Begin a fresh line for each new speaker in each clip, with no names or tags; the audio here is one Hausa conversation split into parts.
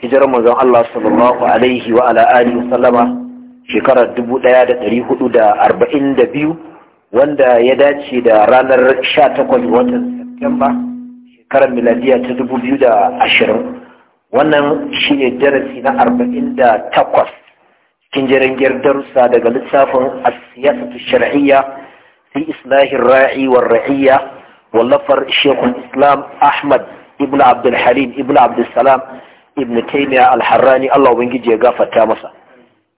hijirar manzon Allah sallallahu alaihi wa ala alihi wa sallama shekarar 1442 wanda ya dace da ranar 18 watan Septemba shekarar miladiya ta 2020 wannan shine darasi na 48 cikin jirgin darussa daga littafin as-siyasatu shar'iyya fi islahi ra'i war ra'iyya wallafar Sheikhul Islam Ahmad ibn Abdul Halim ibn Abdul Salam ibn taymiya al-harrani Allah ubangiji ya gafarta masa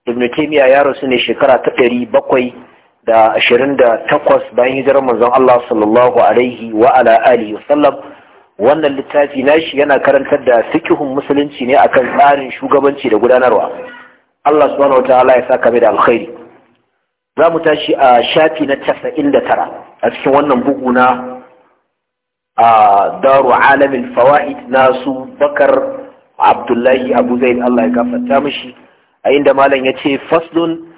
ibn taymiya ya rasu ne shekara ta ɗari bakwai da ashirin da takwas bayan hijirar manzon Allah sallallahu alaihi wa ala alihi wasallam wannan littafi nashi yana karantar da fikihun musulunci ne akan tsarin shugabanci da gudanarwa Allah subhanahu wa ta'ala ya saka mai da alkhairi za mu tashi a shafi na casa'in da tara a cikin wannan bugu na a daru alamin fawa'id nasu bakar abdullahi abu zaid Allah ya gafarta mishi a inda malam ya faslun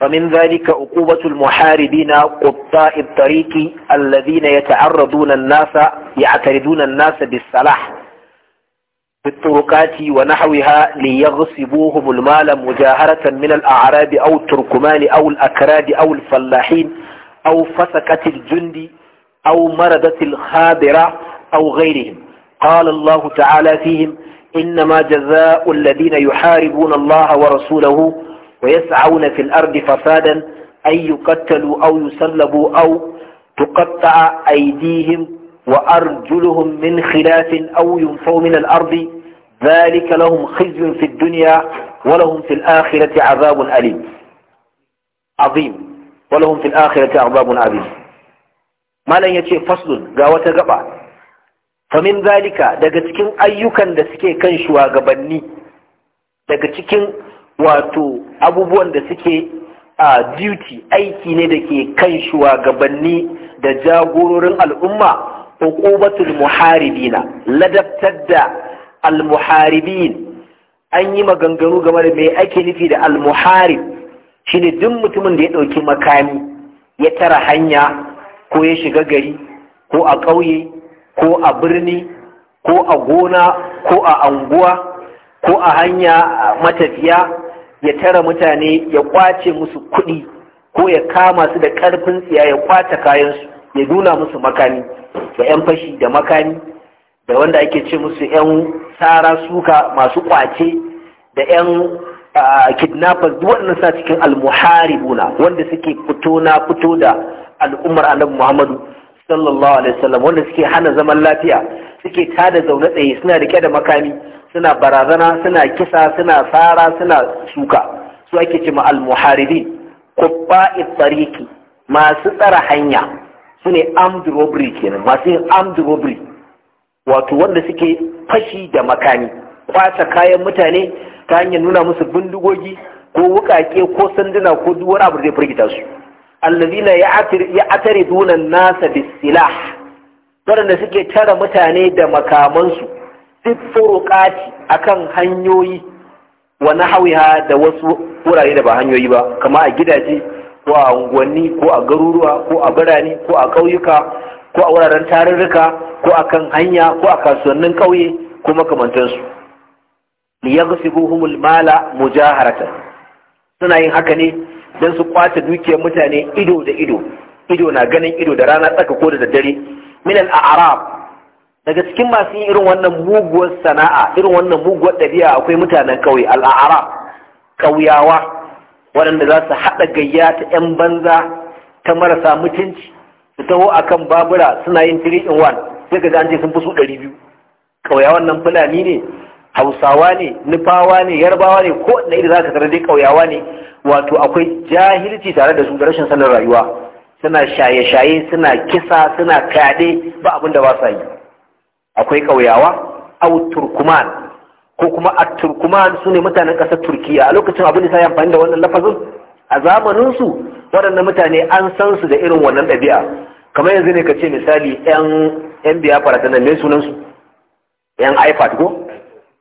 فمن ذلك عقوبة المحاربين قطاع الطريق الذين يتعرضون الناس يعترضون الناس بالصلاح بالطرقات ونحوها ليغصبوهم المال مجاهرة من الأعراب أو التركمان أو الأكراد أو الفلاحين أو فسكة الجند أو مردة الخابرة أو غيرهم قال الله تعالى فيهم إنما جزاء الذين يحاربون الله ورسوله ويسعون في الأرض فسادا أن يقتلوا أو يسلبوا أو تقطع أيديهم وأرجلهم من خلاف أو ينفوا من الأرض ذلك لهم خزي في الدنيا ولهم في الآخرة عذاب أليم عظيم ولهم في الآخرة عذاب عظيم ما لن يتشي فصل قاوة قبع famin zalika daga cikin ayyukan da suke kan shugabanni daga cikin wato abubuwan da suke a duty aiki ne da ke kan shugabanni da jagororin al'umma uqubatul muharibina ladabtar da almuharibin an yi maganganu game da mai ake nufi da almuharib shine duk mutumin da ya ɗauki makami ya tara hanya ko ya shiga gari ko a ƙauye ko a birni ko a gona ko a anguwa ko a hanya matafiya ya tara mutane ya kwace musu kuɗi ko ya kama su da ƙarfin tsiya ya kwata kayansu ya nuna musu makami da 'yan fashi da makami da wanda ake ce musu 'yan tsara suka masu kwace da 'yan kidnappers duk waɗannan sa cikin almuharibuna wanda suke fito na fito da al'ummar annabi muhammadu sallallahu alaihi wasallam wanda suke hana zaman lafiya suke tada zaune tsaye suna rike da makami suna barazana suna kisa suna sara suna suka su ake ce ma almuharidi kubba'i tsariki masu tsara hanya sune ne armed robbery kenan masu yin armed robbery wato wanda suke fashi da makami kwata kayan mutane ta hanyar nuna musu bindigogi ko wukake ko sanduna ko duk wani abu zai firgita su allazina atari an-nasa bis-silah waɗanda suke tara mutane da makamansu fi turuqati akan hanyoyi wa nahwiha da wasu wurare da ba hanyoyi ba kama a gidaje ko a unguwanni ko a garuruwa ko a birane ko a ƙauyuka ko a wuraren tarurruka ko a kan hanya ko a kasuwannin ƙauye ko makamantansu liyaghsibuhumul mala mujaharatan suna yin haka ne don su kwace dukiyar mutane ido da ido ido na ganin ido da rana tsaka ko da daddare min al-a'rab daga cikin masu yin irin wannan muguwar sana'a irin wannan muguwar ɗabi'a akwai mutanen kauye al-a'rab kauyawa waɗanda za su haɗa gayya ta 'yan banza ta marasa mutunci su taho akan babura suna yin 3 in 1 sai ga an ce sun fi su 200 kauyawan nan fulani ne hausawa ne nufawa ne yarbawa ne ko na iri za ka da dai ƙauyawa ne wato akwai jahilci tare da su da rashin sanin rayuwa suna shaye-shaye suna kisa suna kade ba abin da ba sa yi akwai ƙauyawa au turkuman ko kuma a turkuman su ne mutanen ƙasar turkiya a lokacin abin da sa amfani da wannan lafazin a zamaninsu waɗannan mutane an san su da irin wannan ɗabi'a kamar yanzu ne ka ce misali 'yan biya nan mai sunansu 'yan ipad ko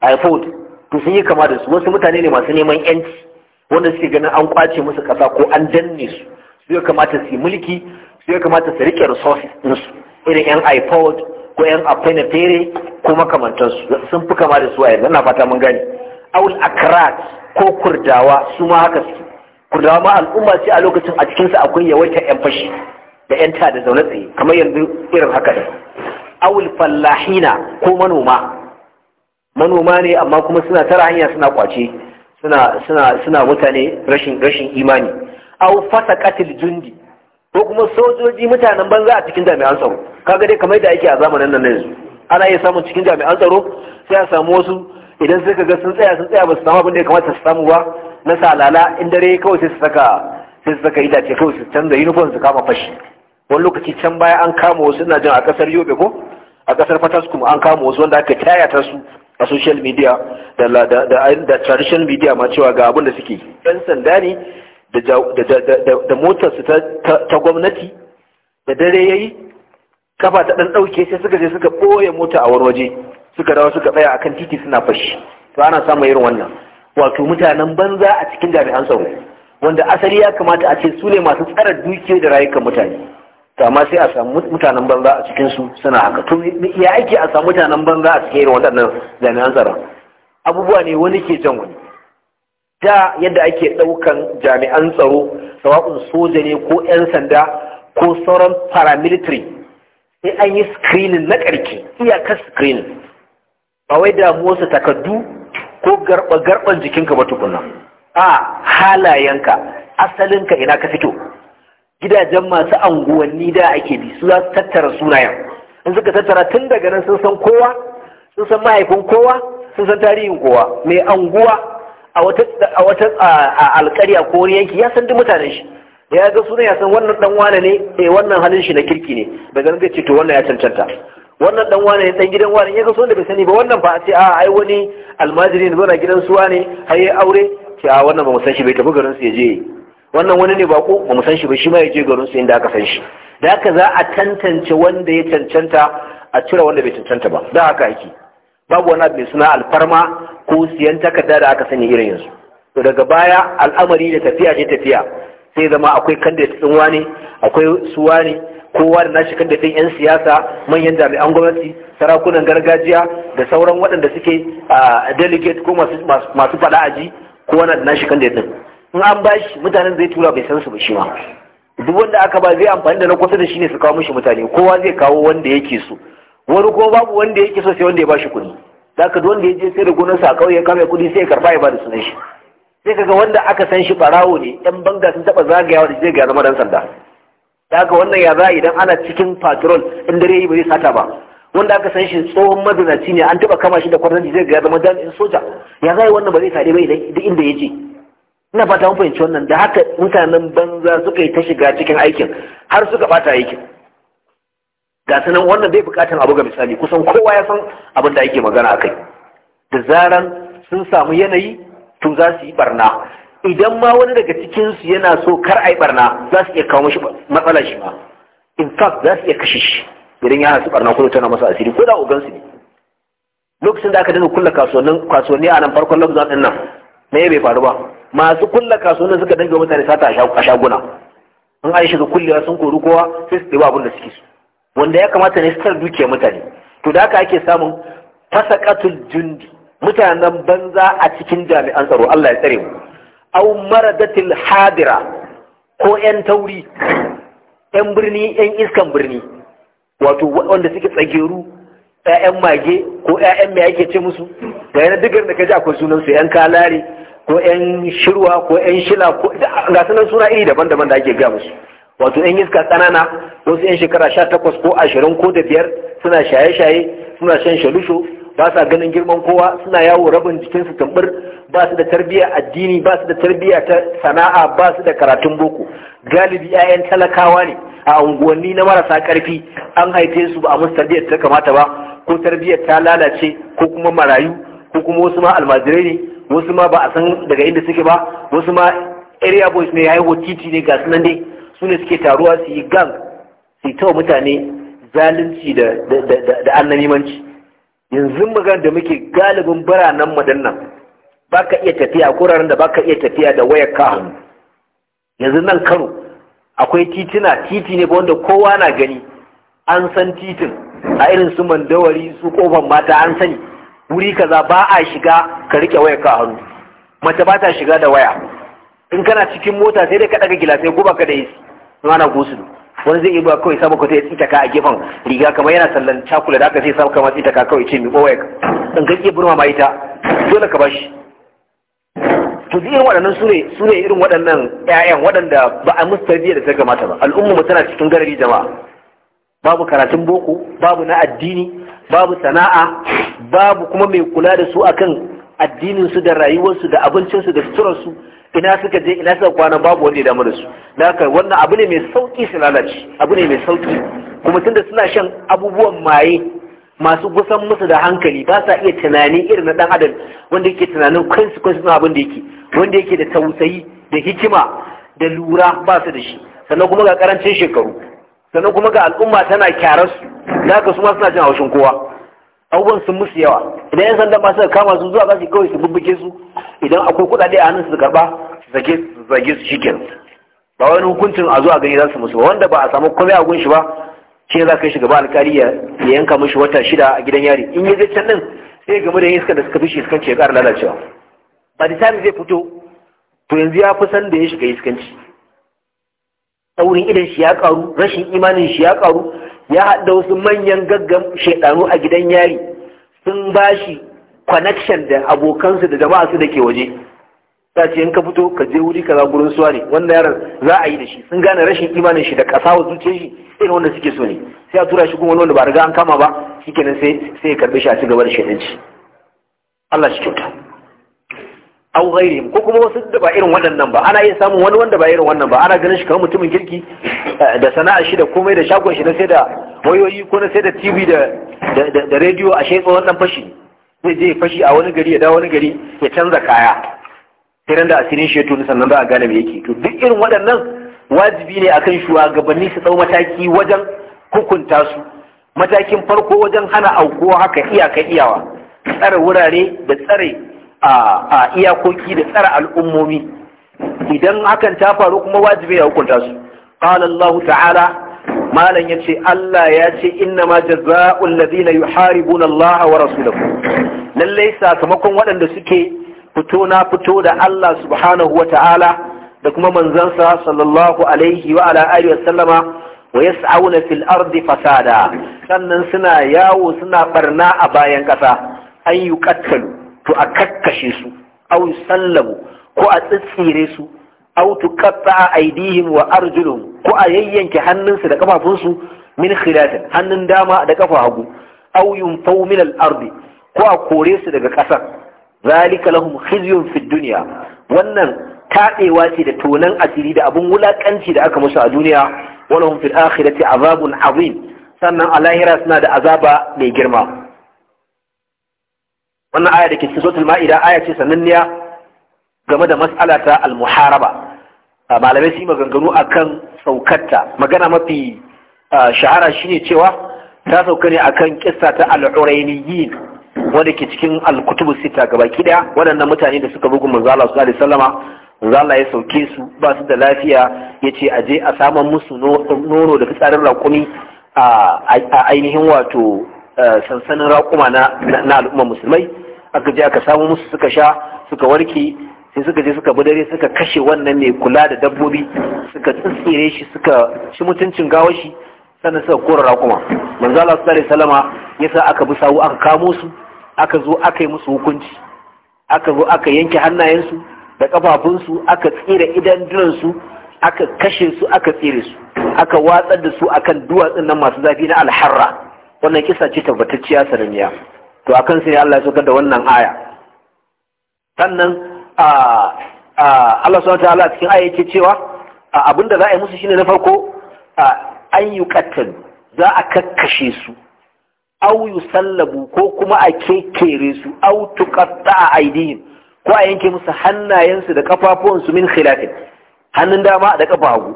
ipod to sun yi kama da su wasu mutane ne masu neman yanci wanda suke ganin an kwace musu kasa ko an danne su su ya kamata su yi mulki su ya kamata su rike resources su, irin yan ipod ko yan afenefere ko makamantansu sun fi kama da su a yanzu fata mun gane aul akrat ko kurdawa su ma haka su kurdawa ma al'umma ce a lokacin a cikinsu akwai yawaita yan fashi da yan ta da zaune tsaye kamar yanzu irin haka da awul fallahina ko manoma manoma ne amma kuma suna tara hanya suna kwace suna suna suna mutane rashin rashin imani aw fasaqatil jundi ko kuma sojoji mutanen banza a cikin jami'an tsaro kaga dai kamar da ake a zamanin nan yanzu ana iya samun cikin jami'an tsaro sai a samu wasu idan suka ga sun tsaya sun tsaya ba su samu abin da ya kamata su samu ba na sa lala, in dare kawai sai su saka sai su saka idace kawai su canza uniform su kama fashi wani lokaci can baya an kama wasu ina jin a kasar yobe ko a kasar fatasku an kama wasu wanda aka tayata su a social media da da traditional media ma cewa ga abin da suke yan sanda ne da su ta gwamnati da dare yayi kafa ta ɗan ɗauke sai suka je suka boye mota a wani waje suka dawo suka tsaya akan titi suna fashi to ana samun irin wannan wato mutanen banza a cikin jami'an tsaro wanda asali ya kamata a ce su ne masu tsara dukiya da rayukan mutane to amma sai a samu mutanen banza a cikin su suna haka to ya ake a samu mutanen banza a cikin irin waɗannan jami'an tsaron abubuwa ne wani ke jan wani da yadda ake ɗaukan jami'an tsaro sawa'un soja ne ko 'yan sanda ko sauran paramilitary sai an yi screening na ƙarki iyakar screening ba wai motsa takardu ko garba-garban jikinka ba tukuna a halayenka asalinka ina ka fito gidajen masu anguwanni da ake bi su za su tattara sunayen in suka tattara tun daga nan sun san kowa sun san mahaifin kowa sun san tarihin kowa mai anguwa a wata a wata alƙarya ko wani yanki ya san duk mutanen shi ya ga sunan ya san wannan dan wane ne eh wannan halin shi na kirki ne daga nan zai ce to wannan ya cancanta wannan dan wane ne dan gidan wane ya ga sunan da bai sani ba wannan ba a ce a ai wani almajiri ne zo na gidan suwa ne ai aure ce a wannan ba mu san shi bai tafi garin su ya je wannan wani ne bako ba mu san shi ba shi ma ya je garin su inda aka san shi da haka za a tantance wanda ya cancanta a cire wanda bai cancanta ba da haka yake babu wani abu suna alfarma ko siyan takarda da aka sani irin yanzu to daga baya al'amari da tafiya ce tafiya sai zama akwai da tsin wani akwai su wani kowa da nashi candidate yan siyasa manyan jami'an gwamnati sarakunan gargajiya da sauran waɗanda suke ah, delegate ko masu faɗa aji kowa na da nashi candidate din in an ba shi, mutanen zai tura bai san su ba shi ma duk wanda aka ba zai amfani da na kusa da shi ne su kawo mishi mutane kowa zai kawo wanda yake so wani ko babu wanda yake so sai wanda ya ba shi kuɗi Da ka duk wanda ya je sai da gonar sa ya kame kuɗi sai ya karba ya ba da sunan shi sai kaga wanda aka san shi barawo ne yan banga sun taɓa zagayawa da zai ga zama dan sanda zaka wannan ya za idan ana cikin patrol in dare yi ba zai sata ba wanda aka san shi tsohon mazinaci ne an taba kama shi da kwarnan zai ga zama jami'in soja ya za wannan ba zai sade ba idan inda ya je ina fata mun fahimci wannan da haka mutanen banza suka yi ta shiga cikin aikin har suka bata aikin ga sanan wannan bai bukatar abu ga misali kusan kowa ya san abin da ake magana akai da zaran sun samu yanayi to za su yi barna idan ma wani daga cikinsu yana so kar a yi barna za su iya kawo mishi matsala shi ma in fact za su iya kashe shi idan yana su barna kuma tana masa asiri ko da su ne lokacin da aka dana kulla kasuwanni a nan farkon lokacin din nan me bai faru ba masu kulla da suka dange mutane sata a shaguna in aisha shiga kullewa sun kori kowa sai su ɗiba abin da suke su wanda ya kamata ne su tar mutane to da haka ake samun fasaqatul jundi mutanen banza a cikin jami'an tsaro Allah ya tsare mu au maradatil hadira ko yan tauri yan birni yan iskan birni wato wanda suke tsageru ƴaƴan mage ko ƴaƴan me ake ce musu ga yana digar da kaji akwai sunan su yan kalare ko yan shirwa ko yan shila ko ga sunan suna iri daban-daban da ake gaya musu wato yan iska tsanana wasu yan shekara sha takwas ko ashirin ko da biyar suna shaye-shaye suna shan shalusho ba sa ganin girman kowa suna yawo rabin jikinsu tumbur ba su da tarbiyya addini ba su da tarbiyya ta sana'a ba su da karatun boko galibi 'ya'yan talakawa ne a unguwanni na marasa karfi an haife su ba a musu tarbiyyar ta kamata ba ko tarbiyyar ta lalace ko kuma marayu ko kuma wasu ma almajirai ne wasu ma ba a san daga inda suke ba wasu ma area boys ne haihuwa titi ne ga sunan dai su ne suke taruwa su yi gang su yi tawa mutane zalunci da da yanzu magana da muke galibin biranen madannan ba ka iya tafiya a kuraren da ba ka iya tafiya da wayar ka yanzu nan kano akwai titina titi ne ba wanda kowa na gani an san titin a irin su mandawari su kofan mata an sani wuri kaza ba a shiga ka rike waya ka hannu mace ba ta shiga da waya in kana cikin mota sai dai ka daga gilasai ko baka da yi na gusulu wani zai iya kawai samu kwata ya tsita ka a gefen riga kamar yana sallan cakula da aka sai samu kama tsita ka kawai ce mi ɓoye in ka iya burma mai ta, dole ka bashi to irin waɗannan sune sune irin waɗannan ƴaƴan waɗanda ba a musu tarbiyya da ta kamata ba al'umma mu tana cikin garari jama'a babu karatun boko babu na addini babu sana'a babu kuma mai kula da su akan addininsu da rayuwarsu da abincinsu da suturarsu ina suka je ina suka kwana babu wanda ya damu da su haka wannan abu ne mai sauki su lalace abu ne mai sauki kuma tunda suna shan abubuwan maye masu gusan musu da hankali ba sa iya tunani irin na dan adam wanda yake tunanin kansu na abin da yake wanda yake da tausayi da hikima da lura ba su da shi sannan kuma ga karancin shekaru sannan kuma ga al'umma tana kyararsu na haka su ma suna jin haushin kowa abubuwan sun musu yawa idan yan sanda ma suka kama su zuwa za su kawai su bubbuke su idan akwai kuɗaɗe a hannun su karɓa su zage su zage su shikin ba wani hukuncin a zuwa gani za su musu ba wanda ba a samu komai a gunshi ba shi za ka shiga ba alkali ya yanka mishi wata shida a gidan yari in yi je can din sai game da yin iska da suka fi shi iskanci ya ƙara lalacewa ba da tari zai fito to yanzu ya fi san da ya shiga iskanci saurin idan shi ya ƙaru rashin imanin shi ya ƙaru ya haɗa wasu manyan gaggan shaidanu a gidan yari sun ba shi connection da abokansu da jama'a su da ke waje ta ce in ka fito ka je wuri ka gurin suwa ne wannan yaran za a yi da shi sun gane rashin imanin shi da kasa wa zuciyar shi irin wanda suke so ne sai a tura shi kuma wanda ba riga an kama ba shikenan sai sai ya karbe shi a ci gaba da shaidanci Allah shi kyauta au ghairihim ko kuma wasu da ba irin waɗannan ba ana iya samun wani wanda ba irin wannan ba ana ganin shi kamar mutumin kirki eh, da sana'a shi da komai da shagon shi na sai da wayoyi ko na sai da TV da da rediyo a shi tsohon fashi zai je fashi a wani gari ya dawo wani gari ya canza kaya Kiran da asirin shi ya tuni sannan za a gane me yake to duk irin waɗannan wajibi ne akan shugabanni su tsau mataki wajen hukunta su matakin farko wajen hana aukuwa haka iyaka iyawa tsare wurare da tsare a iyakoki da tsara al'ummomi idan hakan ta faru kuma wajibi ya hukunta su qala Allah ta'ala ya yace Allah ya ce inna ma jazaa'ul ladina yuharibuna Allah wa rasulahu lalle sakamakon waɗanda suke fito na fito da Allah subhanahu wa ta'ala da kuma manzansa sallallahu alaihi wa ala alihi wa sallama wa yas'auna fil ardi fasada sannan suna yawo suna barna a bayan ƙasa, an yuqattalu to a kakkashe su au sallamu ko a tsitsire su aw tuqatta aidihim wa arjuluhum ko a yayyanke hannunsu da kafafunsu min khilafin hannun dama da kafa hagu Au yunfaw min al-ardi ko a kore su daga ƙasar zalika lahum khizyun fid dunya wannan taɗewa ce da tonan asiri da abun wulakanci da aka musu a duniya walahum fil akhirati azabun azim sannan a lahira suna da azaba mai girma wannan aya da ke cikin suratul ma'ida aya ce sananniya game da mas'ala ta al-muharaba ah, malamai su yi maganganu akan saukarta magana mafi ah, shahara shine cewa ta sauka ne akan kissa ta al-urainiyin wanda ke cikin al-kutubu sita gabaki daya waɗannan mutane da suka bugu manzo Allah sallallahu alaihi wasallama manzo Allah ya sauke su ba su da lafiya yace a je a saman musu nono da fitsarin raƙumi a ainihin wato eh, sansanin raƙuma na al'ummar musulmai aka je aka samu musu suka sha suka warke sai suka je suka dare suka kashe wannan mai kula da dabbobi suka tsire shi suka ci mutuncin gawo shi sannan suka kora raƙuma manzo Allah sallallahu alaihi wasallama yasa aka bi sawu aka kamo su aka zo aka yi musu hukunci aka zo aka yanke hannayensu da kafafunsu aka tsira su aka kashe su aka tsire su aka watsar da su akan duwatsun nan masu zafi na alharra wannan kisa ce tabbatacciya sananniya to a kan sai Allah ya saukar da wannan aya sannan a Allah subhanahu ta'ala cikin aya yake cewa abinda za a yi musu shine na farko an yi za a kakkashe su aw yusallabu ko kuma a kekere su aw tuqatta aidihim ko a yanke musu hannayensu da kafafuwansu min khilafin hannun dama da kafafu hagu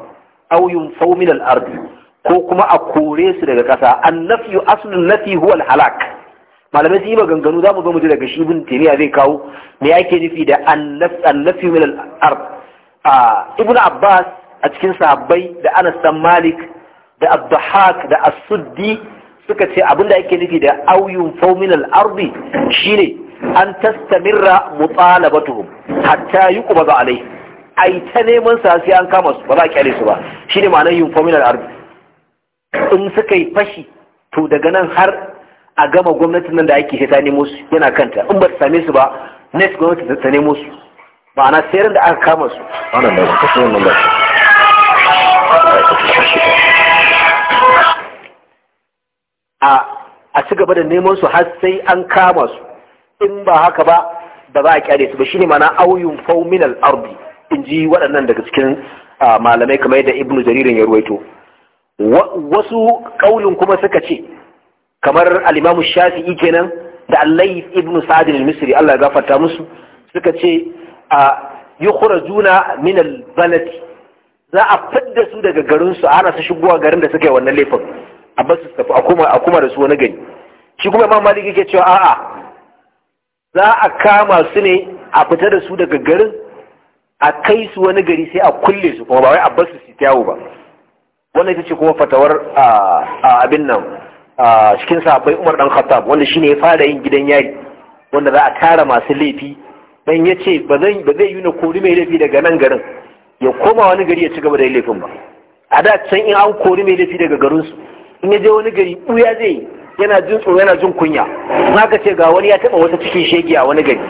au yunfau min al ko kuma a kore su daga kasa an nafyu aslun nafi huwa al halak malamai su yi maganganu za mu zo mu ji daga shi bin taimiyya zai kawo me ake nufi da annafi min al'ar a abbas a cikin sahabbai da anas dan malik da abdahak da Asuddi suka ce da ake nufi da auyun fau min shine an tastamirra mutalabatuhum hatta yuqbadu alai ai ta neman sa sai an kama su ba za a kyale su ba shine ma'anar yunfau min al in suka yi fashi to daga nan har a gama gwamnatin nan da ake sai ta nemo su yana kanta in ba ta same su ba next gwamnati ta nemo su ma'ana sayar da aka kama su a ci gaba da neman su har sai an kama su in ba haka ba ba za a kyare su ba shine ma'ana auyun fauminal arbi in ji waɗannan daga cikin malamai kamar da ibnu jaririn ya ruwaito wasu ƙaunin kuma suka ce kamar al-Imam Shafi'i kenan da al ibn sadin al-Misri Allah ya gafarta musu suka ce a juna min al-balad za a fadda su daga garin su ana su shigowa garin da suka yi wannan laifin a basu su tafi a kuma da su wani gari shi kuma Imam Malik yake cewa a'a za a kama su ne a fita da su daga garin a kai su wani gari sai a kulle su kuma ba wai a basu su yawo ba wannan ita ce kuma fatawar abin nan a cikin sahabbai Umar dan Khattab wanda shine ya fara yin gidan yari wanda za a tara masu laifi dan yace ba zai ba zai yi na kori mai laifi daga nan garin ya koma wani gari ya ci gaba da laifin ba a da can in an kori mai laifi daga garin su in ya je wani gari buya zai yana jin tsoro yana jin kunya in aka ce ga wani ya taba wata cikin shege a wani gari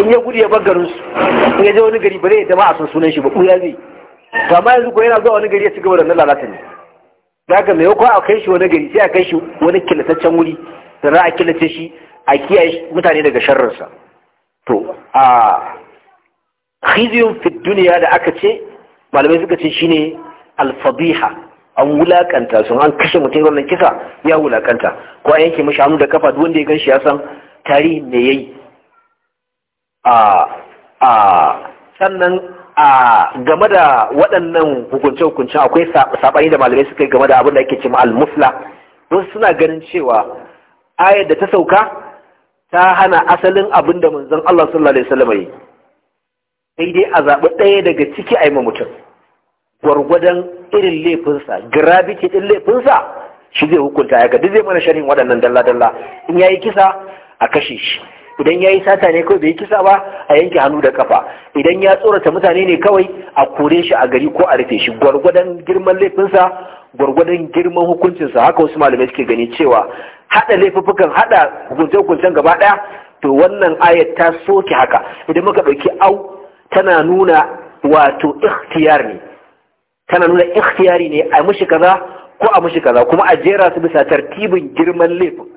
in ya gudu ya bar garin su in ya je wani gari ba zai zama a san sunan shi ba buya zai to amma yanzu ko yana zuwa wani gari ya ci gaba da lalata ne zaka mai ko a kai shi wani gari sai a kai shi wani kilataccen wuri da za a killace shi a kiyaye mutane daga sharrarsa. to a khiziyun fi duniya da aka ce malamai suka ce shine alfabiha an wulakanta sun an kashe mutum wannan kisa ya wulakanta ko an yanke mashi hannu da kafa duk wanda ya gan shi ya san tarihi me yayi a a sannan a game da waɗannan hukunce-hukunce akwai saɓani da malamai suka yi game da abin da ake cima al-musla don suna ganin cewa ayar da ta sauka ta hana asalin abin da manzon Allah sallallahu alaihi wasallam yi sai dai a zaɓi ɗaya daga ciki a yi ma mutum gwargwadon irin laifinsa gravity ɗin laifinsa shi zai hukunta ya ga duk zai mana sharhin waɗannan dalla-dalla in ya yi kisa a kashe shi idan ya yi sata ne kawai bai kisa ba a yanke hannu da kafa idan ya tsorata mutane ne kawai a kore shi a gari ko a rufe shi gwargwadon girman laifinsa gwargwadon girman hukuncinsa haka wasu malamai suke gani cewa hada laifuffukan hada hukunce-hukuncen gaba ɗaya, to wannan ayat ta soke haka idan muka ɗauki au tana nuna wato ikhtiyar ne tana nuna ikhtiyari ne a mushi kaza ko a mushi kaza kuma a jera su bisa tartibin girman laifin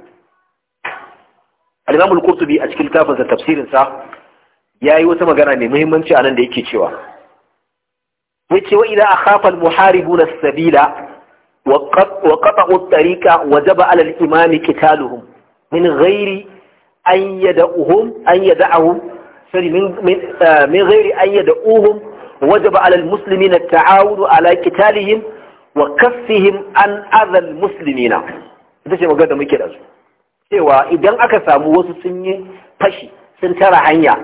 al-imam qurtubi a cikin littafinsa tafsirinsa, ya yayi wata magana mai muhimmanci nan da yake cewa yace wa idza akhafa al-muharibuna as-sabila wa qata'u at-tariqa wajaba 'ala al-imami qitaluhum min ghairi an yad'uhum an yad'uhum min min uh, ghairi an yad'uhum wajaba 'ala al-muslimina at-ta'awun 'ala qitalihim wa kaffihim an adha al-muslimina ita ce magana da muke da su cewa idan aka samu wasu sun yi fashi sun tara hanya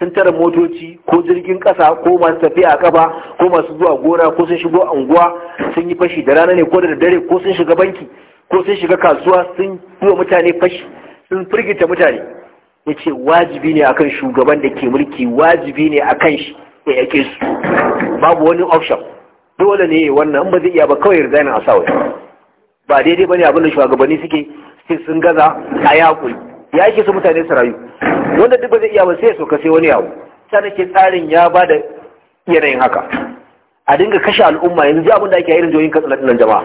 sun tara motoci ko jirgin kasa ko masu tafiya a kafa ko masu zuwa gona ko sun shigo anguwa sun yi fashi da rana ne ko da dare ko sun shiga banki ko sun shiga kasuwa sun yi wa mutane fashi sun firgita mutane ya ce wajibi ne akan shugaban da ke mulki wajibi ne akan shi ya yake su babu wani option dole ne wannan ba zai iya ba kawai rizanin a ba daidai ne abin da shugabanni suke sun gaza a Yaƙun? ya ake su mutane su rayu wanda duk ba zai iya ba sai ya soka sai wani yawo sannan ke tsarin ya ba da yanayin haka a dinga kashe al'umma yanzu ji abin da ake irin jihohin katsina nan jama'a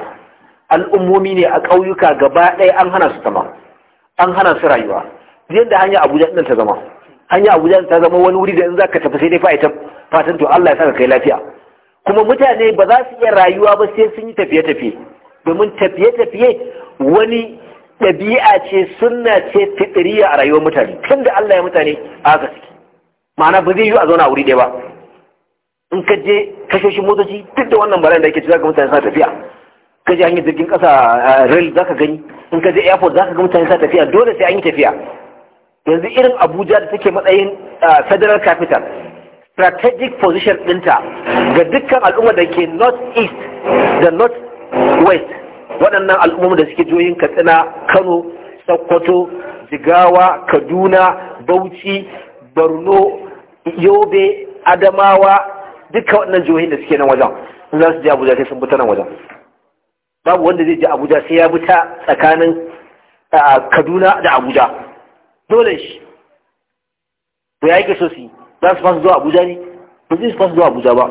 al'ummomi ne a ƙauyuka gaba ɗaya an hana su zama an hana su rayuwa da hanya abuja ɗin ta zama hanya abuja ta zama wani wuri da in za ka tafi sai dai fa'ita fatan to allah ya saka kai lafiya kuma mutane ba za su iya rayuwa ba sai sun yi tafiye-tafiye domin tafiye-tafiye wani ɗabi'a ce sunna ce fitiriya a rayuwar mutane tun da Allah ya mutane a haka suke ma'ana ba zai yi a zauna a wuri ɗaya ba in ka je kashoshin motoci duk da wannan bala'in da ake ci zaka mutane suna tafiya ka je hanyar jirgin ƙasa rail zaka gani in ka je airport zaka ga mutane suna tafiya dole sai an yi tafiya yanzu irin Abuja da take matsayin federal capital strategic position ɗinta ga dukkan al'ummar da ke north east da north west waɗannan al'ummar da suke joyin katsina kano sokoto jigawa kaduna bauchi borno yobe adamawa duka waɗannan jihohin da suke nan wajen in za su je abuja sai sun buta nan wajen babu wanda zai je abuja sai ya buta tsakanin kaduna da abuja dole shi to ya yake so su yi za su fasa zuwa abuja ne ba zai su fasa zuwa abuja ba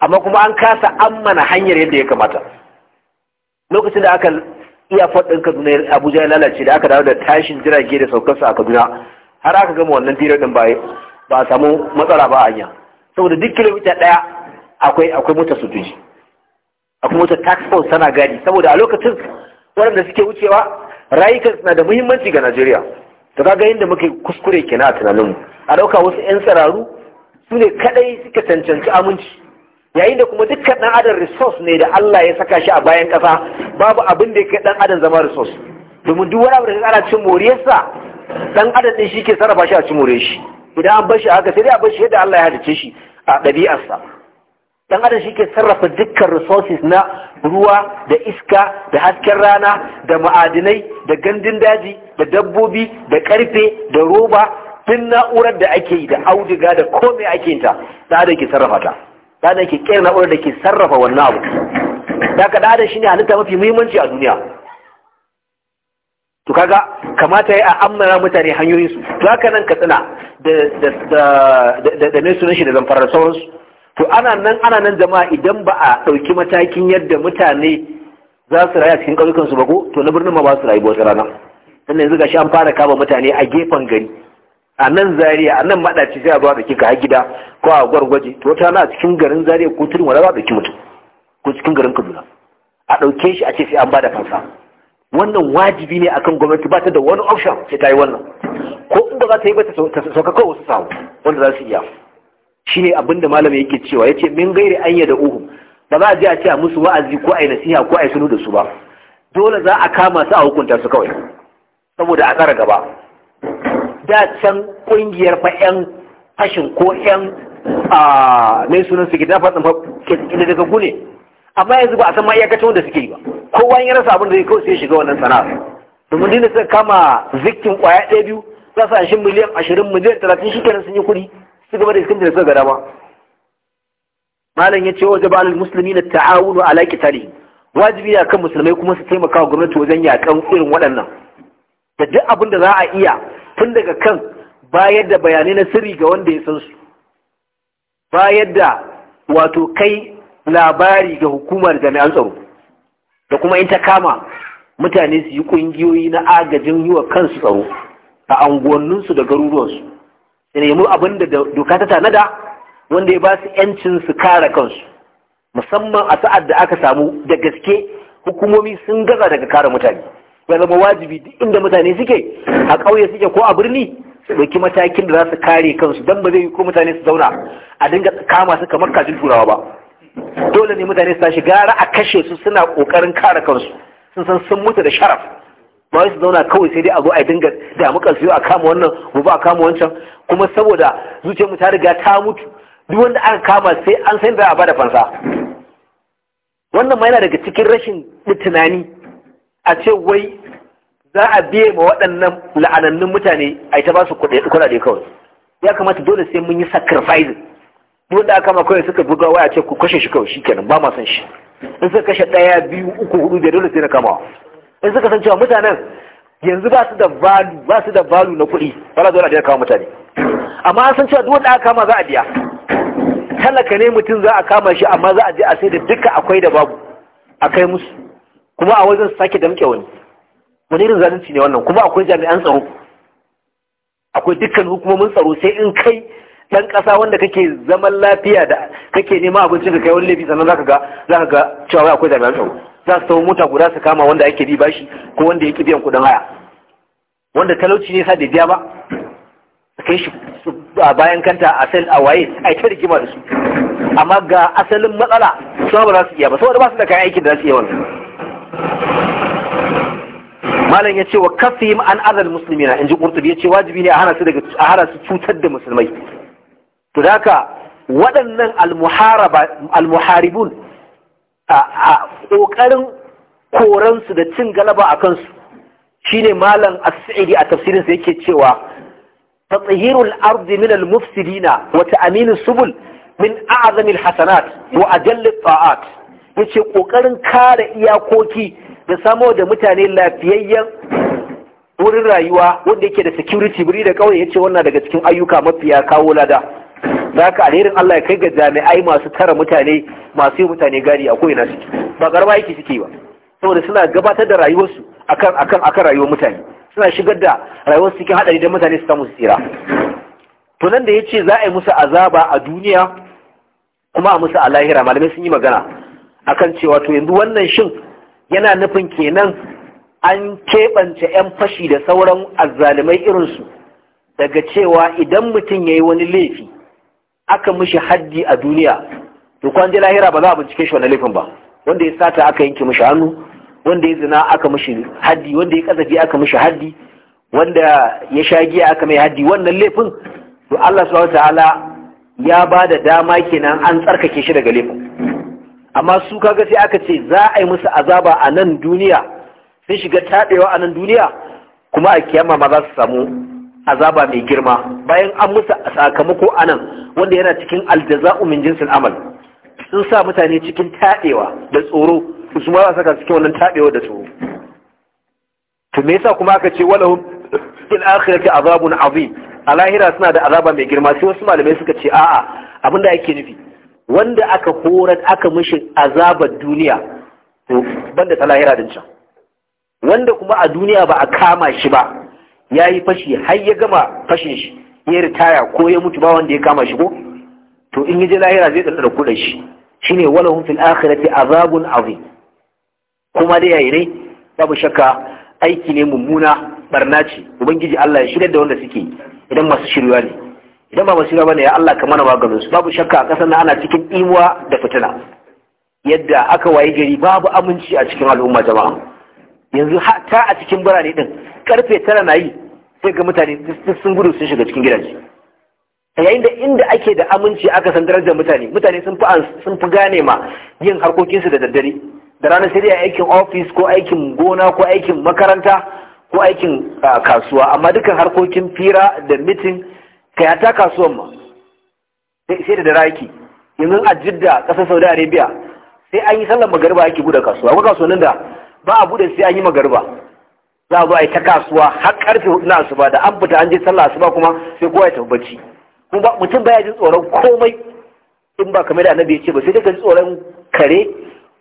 amma kuma an kasa ammana hanyar yadda ya kamata lokacin da aka iya faɗin kaduna abuja ya lalace da aka dawo da tashin jirage da saukarsa a kaduna har aka gama wannan firar din ba a samu matsala ba a hanya saboda duk kilomita ɗaya akwai akwai su tuji akwai mota tax force tana gadi saboda a lokacin waɗanda suke wucewa rayukan suna da muhimmanci ga najeriya to kaga yadda muke kuskure kenan a tunaninmu a ɗauka wasu 'yan tsararu su ne kaɗai suka cancanci aminci yayin da kuma dukkan ɗan adam resource ne da Allah ya saka shi a bayan kasa, babu abin da ya kai ɗan adam zama resource domin duk wani abu da ana cin moriyarsa ɗan adam ɗin shi ke sarrafa shi a cin moriyar shi idan an bar shi haka sai dai a bar shi yadda Allah ya halicce shi a ɗabi'arsa ɗan adam shi ke sarrafa dukkan resources na ruwa da iska da hasken rana da ma'adinai da gandun daji da dabbobi da ƙarfe da roba duk na'urar da ake yi da auduga da komai ake yi ta ɗan adam ke sarrafa ta da ke kera na'urar da ke sarrafa wannan abu da ka da shi ne halitta mafi muhimmanci a duniya to kaga kamata ya amana mutane hanyoyin su to haka nan ka tsina da da da sunan shi da zamfarar sauransu to ana nan ana nan jama'a idan ba a ɗauki matakin yadda mutane za su rayu a cikin ƙauyukan su ba ko to na birnin ma ba su rayu ba wata rana sannan yanzu gashi an fara kama mutane a gefen gari a nan zariya a nan maɗaci sai a zuwa da kika gida ko a gwargwaje to wata na cikin garin zariya ko tudun wani ba da mutum ko cikin garin kaduna a ɗauke shi a ce sai an ba da fansa wannan wajibi ne akan gwamnati ba ta da wani option sai ta yi wannan ko in ba za ta yi ba ta sauka kawai wasu samu wanda za su iya shine abin da malam yake cewa ya ce min gairi anya da uhu ba za a je a ce a musu wa'azi ko a yi nasiha ko a yi sunu da su ba dole za a kama su a hukunta su kawai saboda a tsara gaba da can kungiyar fa yan fashin ko yan a mai sunan su gidan fadin fa kila daga gune amma yanzu ba a san ma iyakacin wanda suke yi ba kowa ya rasa abin da zai kawai sai shiga wannan sana'a domin dinda suka kama zikin kwaya ɗaya biyu za su anshi miliyan ashirin miliyan talatin shi kenan sun yi kuɗi su gaba da iskin suka gada ba malam ya ce wajen jaba musulmi na ta'awunu ala kitali wajibi ya kan musulmai kuma su taimaka wa gwamnati wajen yakan irin waɗannan da duk abin da za a iya tun daga kan bayar da bayanai na sirri ga wanda ya san su bayar da wato kai labari ga hukumar jami'an tsaro da kuma in ta kama mutane su yi ƙungiyoyi na agajin yi wa kansu tsaro a anguwanninsu da garuruwansu su nemi abin da doka ta tanada wanda ya ba su yancin su kare kansu musamman a sa'ad da aka samu da gaske hukumomi sun gaza daga kare mutane ya zama wajibi duk inda mutane suke a ƙauye suke ko a birni su ɗauki matakin da za su kare kansu don ba zai yi ko mutane su zauna a dinga kama su kamar kajin turawa ba dole ne mutane su tashi gara a kashe su suna ƙoƙarin kare kansu sun san sun mutu da sharaf ba su zauna kawai sai dai a zo a dinga damukan su a kama wannan ba a kama wancan kuma saboda zuciyar mu ta riga ta mutu duk wanda aka kama sai an san da a bada fansa wannan ma yana daga cikin rashin tunani a ce wai za a biye ma waɗannan la'anannun mutane a yi ta ba su kuɗaɗe kawai ya kamata dole sai mun yi sacrifice duk da aka kawai suka buga waya ce ku kashe shi kawai shi kenan ba ma san shi in suka kashe ɗaya biyu uku hudu da dole sai na kama in suka san cewa mutanen yanzu ba su da valu ba su da valu na kuɗi ba za dole a kawo mutane amma an san cewa duk da aka kama za a biya talaka ne mutum za a kama shi amma za a je a sai da duka akwai da babu a kai musu kuma a wajen sake damke wani wani irin zalunci ne wannan kuma akwai jami'an tsaro akwai dukkan hukumomin tsaro sai in kai dan kasa wanda kake zaman lafiya da kake neman abincin ka kai wani laifi sannan zaka ga zaka ga cewa akwai jami'an tsaro za su tawo mota guda su kama wanda ake bi bashi ko wanda yake biyan kuɗin haya wanda talauci ne sa da biya ba kai shi a bayan kanta a sel a waye a ta rigima da su amma ga asalin matsala su ba za su iya ba saboda ba su da kayan aikin da za su iya wannan malam ya ce wa kafihim an azal muslimina inji qurtubi ya ce wajibi ne a hana su daga a hana su cutar da musulmai to haka waɗannan almuharaba almuharibun a kokarin koran su da cin galaba a kansu shine malam as-sa'idi a tafsirin sa yake cewa tathhirul Abdi min al-mufsidina wa ta'minu subul min a'zamil hasanat wa ajall at-ta'at yace ƙoƙarin kare iyakoki ya samo da mutane lafiyayyen wurin rayuwa wanda yake da security biri da kauye yace wannan daga cikin ayyuka mafiya kawo lada za ka alherin Allah ya kai ga jami'ai masu tara mutane masu yi mutane gari a ko'ina suke ba garba yake suke ba saboda suna gabatar da rayuwarsu akan akan akan rayuwar mutane suna shigar da rayuwarsu cikin hadari da mutane su samu tsira to nan da yace za a yi musu azaba a duniya kuma a musu a lahira malamai sun yi magana akan cewa to yanzu wannan shin yana nufin kenan an keɓance 'yan fashi da sauran azzalumai irinsu daga cewa idan mutum ya yi wani laifi aka mishi haddi a duniya to kwanji lahira ba za a bincike shi wani laifin ba wanda ya sata aka yanke mishi hannu wanda ya zina aka mishi haddi wanda ya kasafi aka mishi haddi wanda ya sha giya aka mai haddi wannan laifin to Allah subhanahu ya ba da dama kenan an tsarkake shi daga laifin amma su kaga sai aka ce za a yi musu azaba a nan duniya sun shiga taɓewa a nan duniya kuma a kiyama ma za su samu azaba mai girma bayan an musu sakamako a nan wanda yana cikin aljaza'u min jinsin amal sun sa mutane cikin taɓewa da tsoro su ma za saka cikin wannan taɓewa da tsoro to me yasa kuma aka ce walahum fil akhirati azabun azim a lahira suna da azaba mai girma sai wasu malamai suka ce a'a abinda yake nufi wanda aka horar aka mishi azabar duniya to banda ta lahira din can wanda kuma a duniya ba a kama shi ba ya yi fashi har ya gama fashin shi ya ritaya ko ya mutu ba wanda ya kama shi ko to in je lahira zai ɗanɗa da kuɗin shi shine walahum fil akhirati azabun azim kuma dai yayi ne babu shakka aiki ne mummuna barna ce ubangiji Allah ya shigar da wanda suke idan masu shirywa ne idan ba basira bane ya Allah ka mana maganin su babu shakka a kasar nan ana cikin imuwa da fitina yadda aka waye gari babu aminci a cikin al'umma jama'a yanzu hatta a cikin birane din karfe tara na yi sai ga mutane sun gudu sun shiga cikin gidaje yayin da inda ake da aminci aka san darajar mutane mutane sun fi sun fi gane ma yin harkokinsu da daddare da ranar sai dai aikin ofis ko aikin gona ko aikin makaranta ko aikin ah, kasuwa amma dukan harkokin fira da mitin ya taka kasuwan ma sai da dara yake yanzu a jidda ƙasar saudi arabia sai an yi sallar magariba ake buɗe kasuwa ko kasuwannin da ba a buɗe sai an yi magariba za a zo a yi ta kasuwa har karfe hudu na asuba da an fita an je sallar asuba kuma sai kowa ya tabbaci kuma mutum baya jin tsoron komai in ba kamar da annabi ya ce ba sai dai ka ji tsoron kare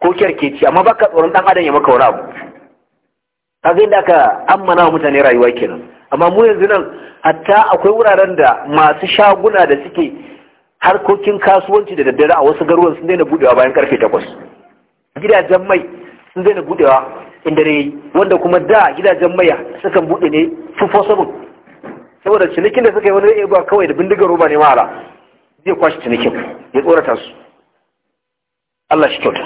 ko kyarkeci amma baka tsoron dan adam ya maka wani abu kaga inda aka ammana wa mutane rayuwa kenan amma mu yanzu nan hatta akwai wuraren da masu shaguna da suke harkokin kasuwanci da daddare a wasu garuruwan sun daina budewa bayan karfe takwas gidajen mai sun daina budewa in ne wanda kuma da gidajen mai sukan bude ne 247 saboda cinikin da suka yi wani zai kawai da bindigar roba ne mara zai kwashe cinikin ya tsorata su Allah shi kyauta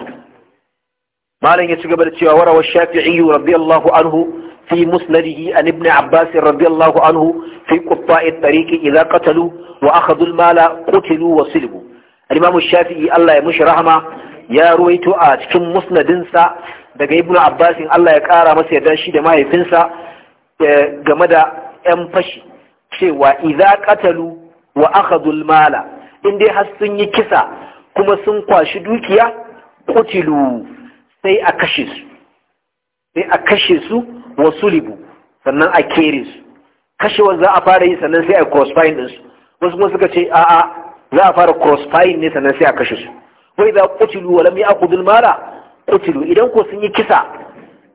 malam ya ci gaba da cewa warawar shafi'i radiyallahu anhu في مسنده عن ابن عباس رضي الله عنه في قطاع الطريق إذا قتلوا وأخذوا المال قتلوا shafi'i الإمام الشافعي الله يمش رحمة يا a cikin musnadinsa daga ibnu abbas Allah ya kara masa yarda shi da mahaifinsa game da yan fashi cewa idza katalu, wa akhadul mala in dai har sun yi kisa kuma sun kwashi dukiya qutilu sai a kashe su sai a kashe su wasu libu sannan a kere su kashewar za a fara yi sannan sai a crossfire ɗinsu wasu kuma suka ce a'a za a fara crossfire ne sannan sai a kashe su wai za kutilu wa lam ya'khudul dulmara kutilu idan ko sun yi kisa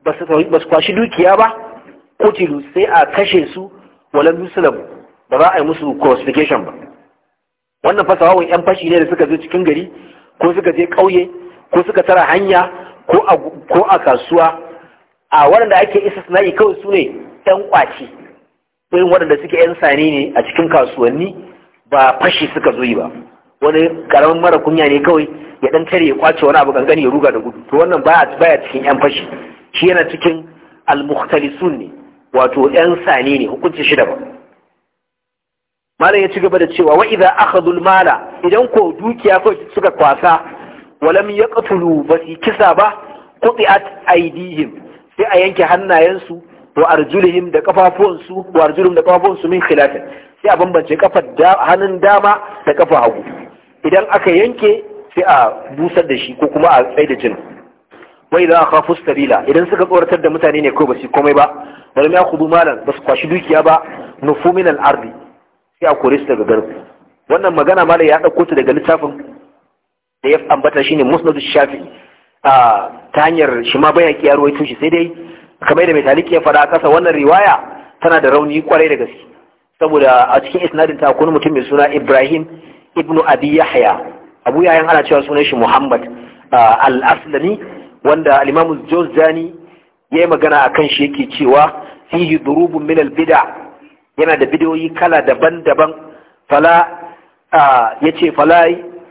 ba su kwashi dukiya ba kutilu sai a kashe su wa lam ba za a yi musu crossification ba wannan fasawa wani yan fashi ne da suka zo cikin gari ko suka je ƙauye ko suka tara hanya ko a kasuwa a waɗanda ake isa sana'i kawai su ne ɗan ƙwaci ɗin waɗanda suke ‘yan sani ne a cikin kasuwanni ba fashi suka zo yi ba wani ƙaramin mara kunya ne kawai ya ɗan tare ya ƙwace wani abu gangani, ya ruga da gudu to wannan baya cikin ‘yan fashi shi yana cikin almuhtalisun ne wato ‘yan sani ne hukunci shida ba malam ya ci gaba da cewa wa idza akhadul mala idan ko dukiya ko suka kwasa walam yaqtulu ba su kisa ba quti'at aydihim sai a yanke hannayensu wa arjulihim da kafafuwansu wa arjulihim da kafafuwansu min khilafin sai a bambance kafar hannun dama da kafa hagu idan aka yanke sai a busar da shi ko kuma a tsaye da jinin wai za a kafu stabila idan suka tsoratar da mutane ne kawai ba su komai ba wani ya kudu malam ba su kwashi dukiya ba nufu min al'ardi sai a kore su daga garbi wannan magana malam ya ɗauko ta daga littafin da ya ambata shine musnadu shafi'i a ta hanyar shi ma bai ya ruwaito shi sai dai kamar da mai taliki ya fara kasa wannan riwaya tana da rauni kwarai da gaske saboda a cikin isnadin ta mutum mai suna Ibrahim ibn Abi Yahya Abu Yahya ana cewa sunan shi Muhammad al aslani wanda al-Imam Zani yayi magana akan shi yake cewa fihi durubun min al-bid'a yana da bidiyoyi kala daban-daban fala yace fala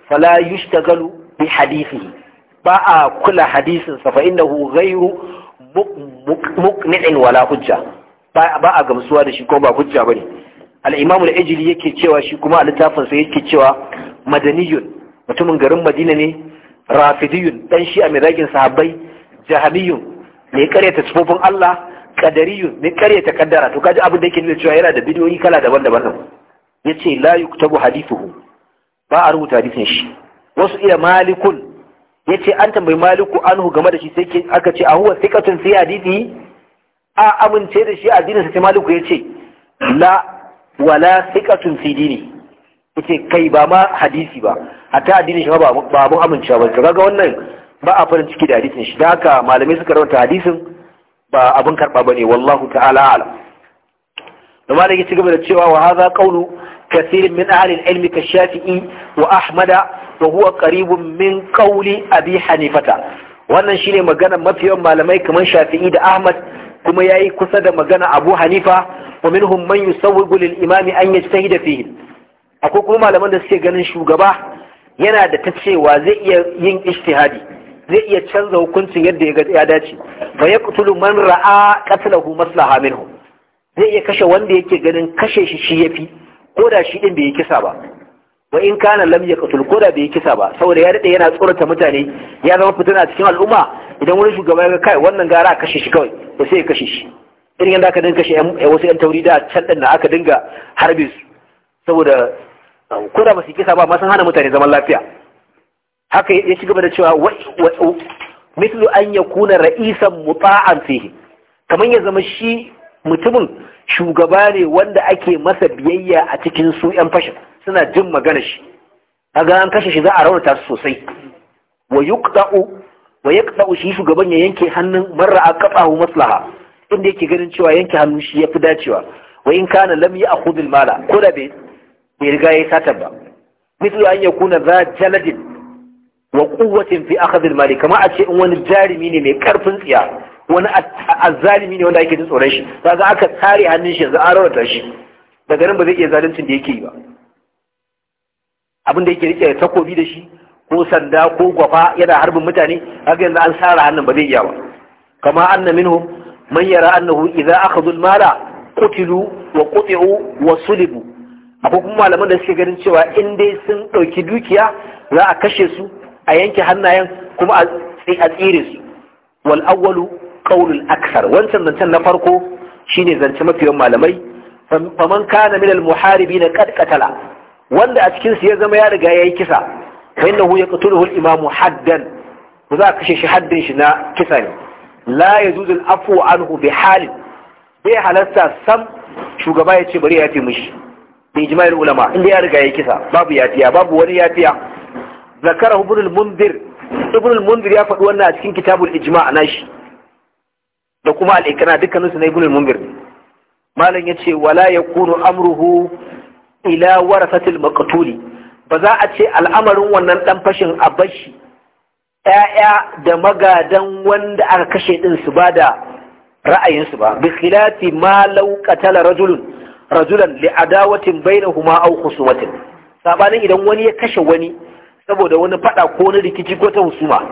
fala yushtagalu bi hadithihi ba a kula hadisin sa fa hu ghayru muqni'in wala hujja ba a gamsuwa da shi ko ba hujja bane al-imamu al-ajli yake cewa shi kuma a littafin sa yake cewa madaniyun mutumin garin madina ne rafidiyun dan shi a miragin sahabbai jahamiyun ne karyata tsofin Allah qadariyun ne karyata kaddara to kaji abin da yake nuna cewa yana da bidiyoyi kala daban-daban yace la yuktabu hadithuhu ba a rubuta hadisin shi wasu iya malikun yace an tambayi maliku anhu game da shi sai aka ce a huwa thiqatun fi hadisi a amince da shi addinin sa sai maliku yace la wala thiqatun fi dini yace kai ba ma hadisi ba hatta addinin shi ba ba mun amince ba kaga wannan ba a farin ciki da hadisin shi da haka malamai suka rawata hadisin ba abin karba bane wallahu ta'ala alam da malaki ci gaba da cewa wa hadha qawlu kathirin min ahli al-ilm ka shafi'i wa ahmada to huwa qaribun min qawli abi hanifata wannan shine magana mafiyan malamai kamar shafi'i da ahmad kuma yayi kusa da magana abu hanifa wa minhum man yusawwigu lil imami an yajtahida fihi akwai kuma malaman da suke ganin shugaba yana da ta cewa zai iya yin ijtihadi zai iya canza hukuncin yadda ya ya dace fa yaqtulu man ra'a qatlahu maslaha minhu zai iya kashe wanda yake ganin kashe shi shi yafi ko da shi din bai kisa ba wa in kana lam yaqtul koda bai kisa ba saboda ya dade yana tsorata mutane ya zama fitina cikin al'umma idan wani shugaba ya ga kai wannan gara kashe shi kawai to sai ya kashe shi irin yadda aka dinga kashe wasu yan tauri da can din da aka dinga harbi su saboda koda ba su kisa ba ma sun hana mutane zaman lafiya haka ya ci gaba da cewa mislu an yakuna ra'isan muta'an fihi kamar ya zama shi mutumin shugaba ne wanda ake masa biyayya a cikin su yan fashin suna jin magana shi kaga an kashe shi za a raunata su sosai wa yuqta'u wa shi shugaban ya yanke hannun marra a kafahu maslaha inda yake ganin cewa yanke hannu shi yafi dacewa wa in kana lam ya'khudh al-mala ko da bai bai riga yayi sata ba mithlu an yakuna za jaladin wa quwwatin fi akhdh al-mali kama a ce in wani jarimi ne mai karfin tsiya wani azzalimi ne wanda yake jin tsoron shi kaga aka tsare hannun shi yanzu an raunata shi daga nan ba zai iya zaluncin da yake yi ba abin da yake rike takobi da shi ko sanda ko gwafa yana harbin mutane haka yanzu an sara hannun ba zai iya ba kama anna minhum man yara annahu idza akhadhu qutilu wa quti'u wa sulibu akwai kuma malaman da suke ganin cewa in dai sun dauki dukiya za a kashe su a yanke hannayen kuma a tsire su wal awwalu qawlul akthar wancan zancen na farko shine zance mafiyan malamai faman kana min al-muharibin qad qatala wanda a cikinsu ya zama ya riga ya yi kisa fa innahu yaqtuluhu al-imamu haddan ba za a kashe shi haddin shi na kisa ne la yajuzu al-afwu anhu bi halin bai halarta sam shugaba ya ce bari ya fi mishi da ijma'il ulama inda ya riga ya yi kisa babu yafiya babu wani yafiya zakarahu ibn al-mundir ibn al-mundir ya faɗi wannan a cikin kitabul ijma' shi. da kuma al-ikna dukkanin su na ibn al-mundir malam yace wala yakunu amruhu ila warasatil maqtuli ba za a ce al'amarin wannan dan fashin a bashi ƴaƴa da magadan wanda aka kashe din su ba da ra'ayinsu ba bi khilafi ma law qatala rajulun rajulan li adawatin bainahuma aw khusumatin sabanin idan wani ya kashe wani saboda wani fada ko na rikici ko ta husuma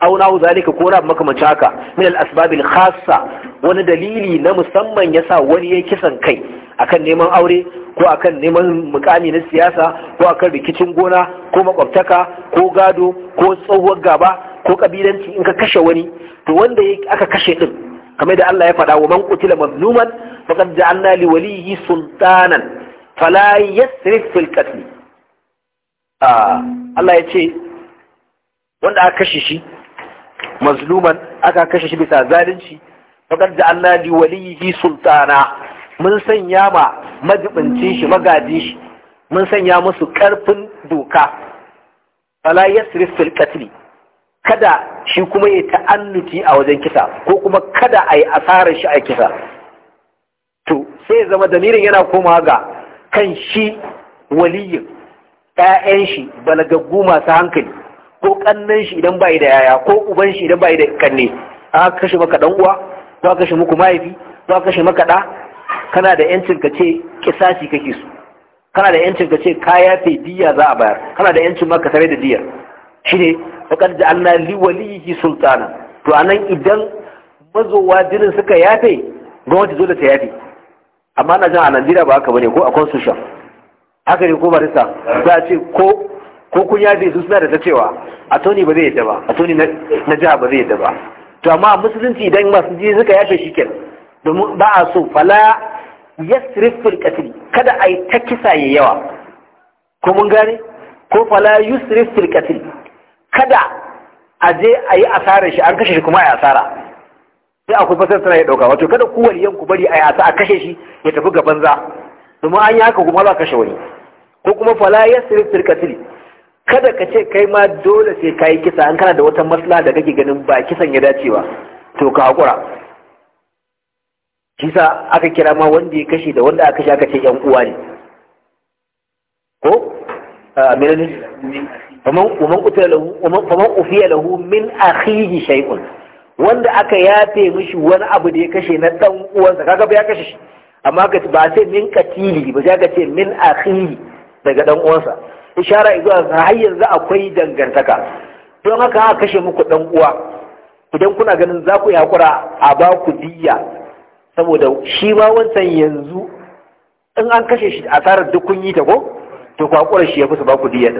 aw nahu zalika ko rab makamanci haka min al asbab khassa wani dalili na musamman yasa wani ya kisan kai akan neman aure ko akan neman mukami na siyasa ko akan rikicin gona ko makwabtaka ko gado ko tsohuwar gaba ko kabilanci in ka kashe wani to wanda aka kashe din kamar da Allah ya faɗa wa man qutila mazluman faqad ja'alna li waliyyi sultanan fala yasrif fil qatl ah, Allah ya ce wanda aka kashe shi mazluman aka kashe shi bisa zalunci faqad ja'alna li waliyyi sultana mun sanya ma majibincin shi mm. magadi shi mun sanya musu ƙarfin doka ala yasrif fil qatl kada shi kuma ya ta'annuti a wajen kisa ko kuma kada a yi asarar shi a kisa to sai zama damirin yana koma ga kan shi waliyin ‘ya'yan shi balagaggu masu hankali ko ƙannan shi idan bai da yaya ko uban shi idan bai da kanne a kashe maka dan uwa aka kashe muku mahaifi aka kashe maka da kana da yancin ka ce kisashi kake so kana da yancin ka ce kaya fi diya za a bayar kana da yancin ma ka tare da diyar shine faqad ja'alna li walihi sultana to anan idan mazowa jinin suka yafe gwamnati zo da ta yafe amma na jan a Najeriya ba haka bane ko a constitution haka ne ko barista za a ce ko ko kun yafe su suna da ta cewa toni ba zai yadda ba toni na jiha ba zai yadda ba to amma musulunci idan masu ji suka yafe shi kenan domin ba a so fala yasriful qatl kada ai ta kisa yawa ko mun gane ko fala yusriful qatl kada a je a yi asarar shi an kashe shi kuma a yi asara sai akwai fasar tana ya dauka wato kada ku waliyan ku bari a yi a kashe shi ya tafi ga banza domin an yi haka kuma za kashe wani ko kuma fala yasriful qatl kada ka ce kai ma dole sai ka yi kisa an kana da wata masla da kake ganin ba kisan ya dace ba to ka haƙura shi aka kira ma wanda ya kashe da wanda aka kashe aka ce yan uwa ne ko menene faman uman ufiya lahu faman ufiya lahu min akhihi shay'un wanda aka yafe mishi wani abu da ya kashe na dan uwansa kaga ba ya kashe shi amma ka ba sai min katili ba sai ka ce min akhihi daga dan uwansa ishara izuwa har yanzu akwai dangantaka don haka aka kashe muku dan uwa idan kuna ganin za ku yi hakura a ba ku diya saboda shi ma wancan yanzu in an kashe shi asarar duk kun yi ta ko to ku hakura shi ya fi su ba ku diya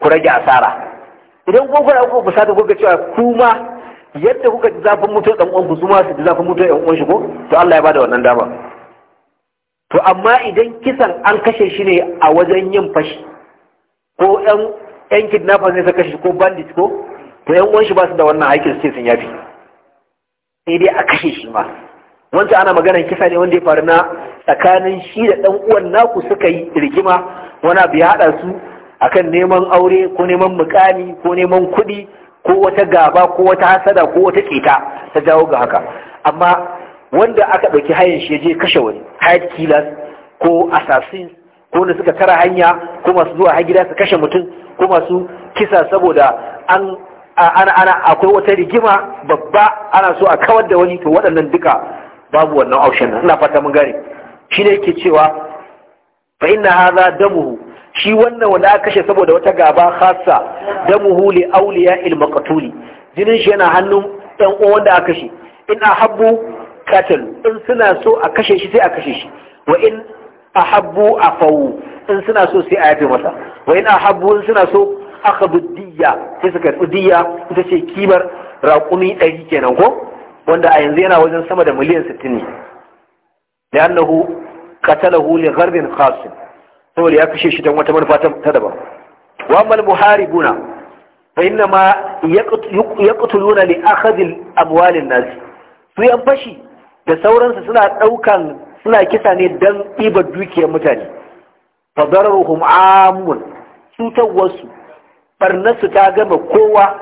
ku rage asara idan ku fara ku fusata kuka cewa ku ma yadda kuka ji zafin mutuwar dan uwan ku su ma su ji zafin mutuwar ɗan uwan shi ko to Allah ya bada wannan dama to amma idan kisan an kashe shi ne a wajen yin fashi ko ƴan ɗan kidnapper ne suka kashe ko bandit ko to ƴan uwan shi ba su da wannan haƙƙin sai sun yafi sai dai a kashe shi ma wancan ana maganar kisa ne wanda ya faru na tsakanin shi da ɗan uwan naku suka yi rigima wani abu ya haɗa su akan neman aure ko neman mukami ko neman kuɗi ko wata gaba ko wata hasada ko wata ƙeta ta jawo ga haka amma wanda aka ɗauki hayan shi je kashe wani hayat killers ko assassins ko wanda suka tara hanya ko masu zuwa har gida su kashe mutum ko masu kisa saboda an ana ana akwai wata rigima babba ana so a kawar da wani to waɗannan duka babu wannan option nan. ina fata mun gane shi ne yake cewa fa inna hadha damuhu shi wannan wanda aka kashe saboda wata gaba khassa damuhu li awliya al maqtuli jinin shi yana hannun dan uwan da aka kashe in ahabbu qatalu in suna so a kashe shi sai a kashe shi wa in ahabbu afawu in suna so sai a yafe masa wa in ahabbu in suna so aka buddiya sai suka buddiya ita ce kimar raƙumi ɗari kenan ko wanda a yanzu yana wajen sama da miliyan 60 ne li'annahu qatalahu huli gharbin khas saboda ya kashe shi don wata manufa ta daban wa amal muharibuna fa inna ma yaqtuluna li akhadhi amwal nas su yan bashi da sauransu suna daukan suna kisa ne dan ɗibar dukiyar mutane fa dararuhum amun wasu barnasu ta gama kowa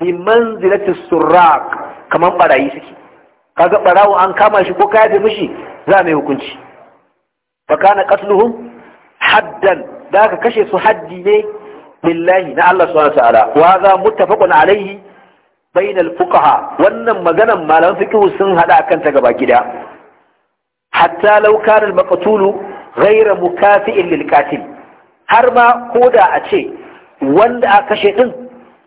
bi manzilati surraq kamar barayi suke kaga barawo an kama shi ko ka yafe mishi za mai hukunci fa kana qatluhum haddan da aka kashe su haddi ne lillahi na Allah subhanahu wataala wa za muttafaqun alaihi bainal fuqaha wannan maganan malaman fiqh sun hada akan ta gaba gida hatta law kana al maqtulu ghayra mukafi'in lil qatil har ma koda a ce wanda a kashe din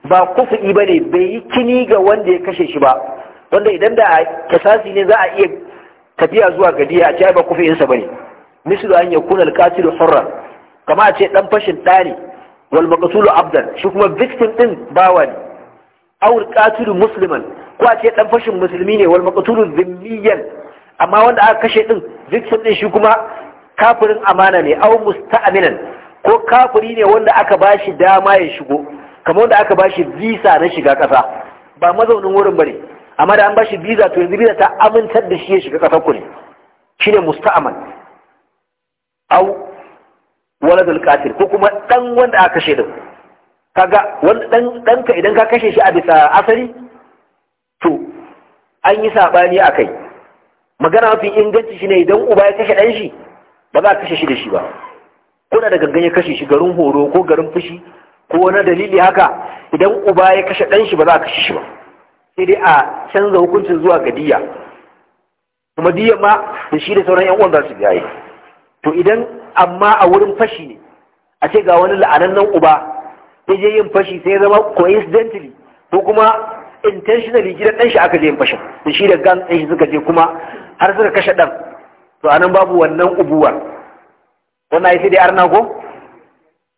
ba kufu'i ba ne bai yi kini ga wanda ya kashe shi ba wanda idan da kisasi ne za a iya tafiya zuwa gadiya a cewa ba kufu'insa ba ne mislu an yakuna alqatilu hurran kama a ce dan fashin da ne wal maqtulu abdan shi kuma victim din bawa ne aw alqatilu musliman ko a ce dan fashin musulmi ne wal maqtulu dhimmiyan amma wanda aka kashe din victim din shi kuma kafirin amana ne aw musta'minan ko kafiri ne wanda aka bashi dama ya shigo kamar wanda aka bashi visa na shiga ƙasa ba mazaunin wurin bane amma da an bashi visa to yanzu visa ta amintar da shi ya shiga ƙasar ku ne shine musta'aman aw waladul qatil ko kuma dan wanda aka kashe da kaga wanda dan danka idan ka kashe shi a bisa asali to an yi sabani akai magana mafi inganci shine idan uba ya kashe dan shi ba za ka kashe shi da shi ba kuna da gangan ya kashe shi garin horo ko garin fushi ko na dalili haka idan uba ya kashe ɗan shi ba za a kashe shi ba sai dai a canza hukuncin zuwa ga diya kuma diya ma da shi da sauran 'yan uwan za su biya yi. to idan amma a wurin fashi ne a ce ga wani la'anannen uba ya je yin fashi sai ya zama coincidentally ko kuma intentionally gidan ɗan shi aka je yin fashin da shi da gan ɗan shi suka je kuma har suka kashe ɗan to anan babu wannan ubuwar wannan ya sai dai arna ko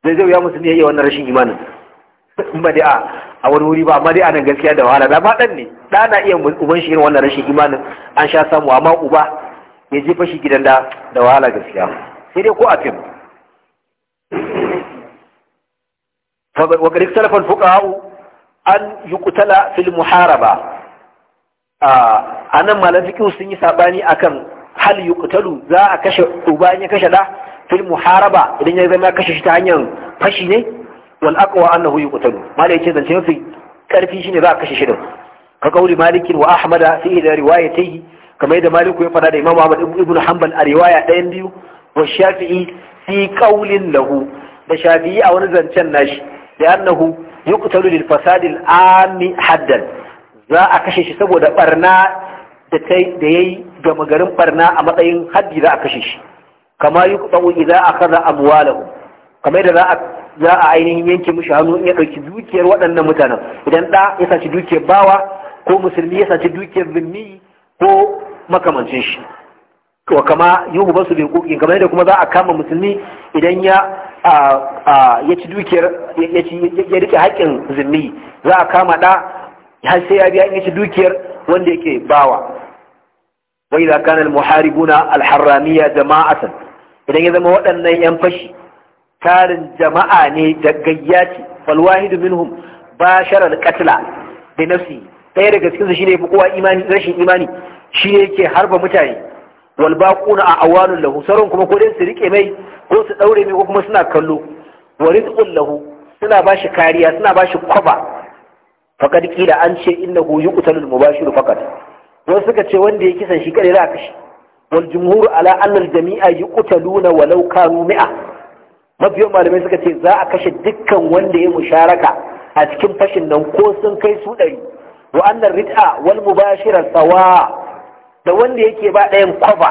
zai zai ya musulmi ya yi wannan rashin imanin madi'a a wani wuri ba madi'a nan anan gaskiya da wahala da ma ne da na iya uban shi irin wannan rashin imanin an sha samu amma uba ya jefa shi gidan da da wahala gaskiya sai dai ko a fim wa kad salafan al-fuqaha an yuqtala fil muharaba anan malam fiqh sun yi sabani akan hal yuqtalu za a kashe uba in ya kashe da fil muharaba idan ya zama kashe shi ta hanyar fashi ne wal aqwa annahu yuqtalu malai ce zance mafi karfi shine za a kashe shi din ka kauli malikin wa ahmada fi da riwayatihi kamar yadda maliku ya fada da imamu ahmad ibn hanbal a riwaya ɗayan biyu wa shafi'i fi qaulin lahu da shafi'i a wani zancen nashi da annahu yuqtalu lil fasadi al ammi haddan za a kashe shi saboda barna da yayi gama garin barna a matsayin haddi za a kashe shi kama yuqta'u idza akhadha amwalahum kamar da kamar yadda za a ainihin yanke mushi hannu in ya dauki dukiyar waɗannan mutanen idan da ya saci dukiyar bawa ko musulmi ya saci dukiyar zimmi ko makamancin shi wa kama yuhu basu bi kukin kamar yadda kuma za a kama musulmi idan ya ya ci dukiyar ya rike haƙƙin zimmi za a kama ɗa har sai ya biya ya ci dukiyar wanda yake bawa wai za kanar muharibuna alharramiya jama'atan idan ya zama waɗannan yan fashi tarin jama'a ne da gayya ce falwahidu minhum ba sharar katila da nafsi ɗaya daga cikinsu shine fi imani rashin imani shi yake harba mutane wal baquna a awalun lahu sauran kuma ko dai su rike mai ko su daure mai ko kuma suna kallo wa rizqun lahu suna bashi kariya suna bashi kwaba faqad qila an ce innahu yuqtalu al mubashir faqat wasu suka ce wanda ya kisan shi kare za a kashe. wal jumhur ala anna al jami'a yuqtaluna walau kanu mi'a mafiyan malamai suka ce za a kashe dukkan wanda ya musharaka a cikin fashin nan ko sun kai su ɗari wa annan rid'a wal mubashira sawa da wanda yake ba ɗayan kwafa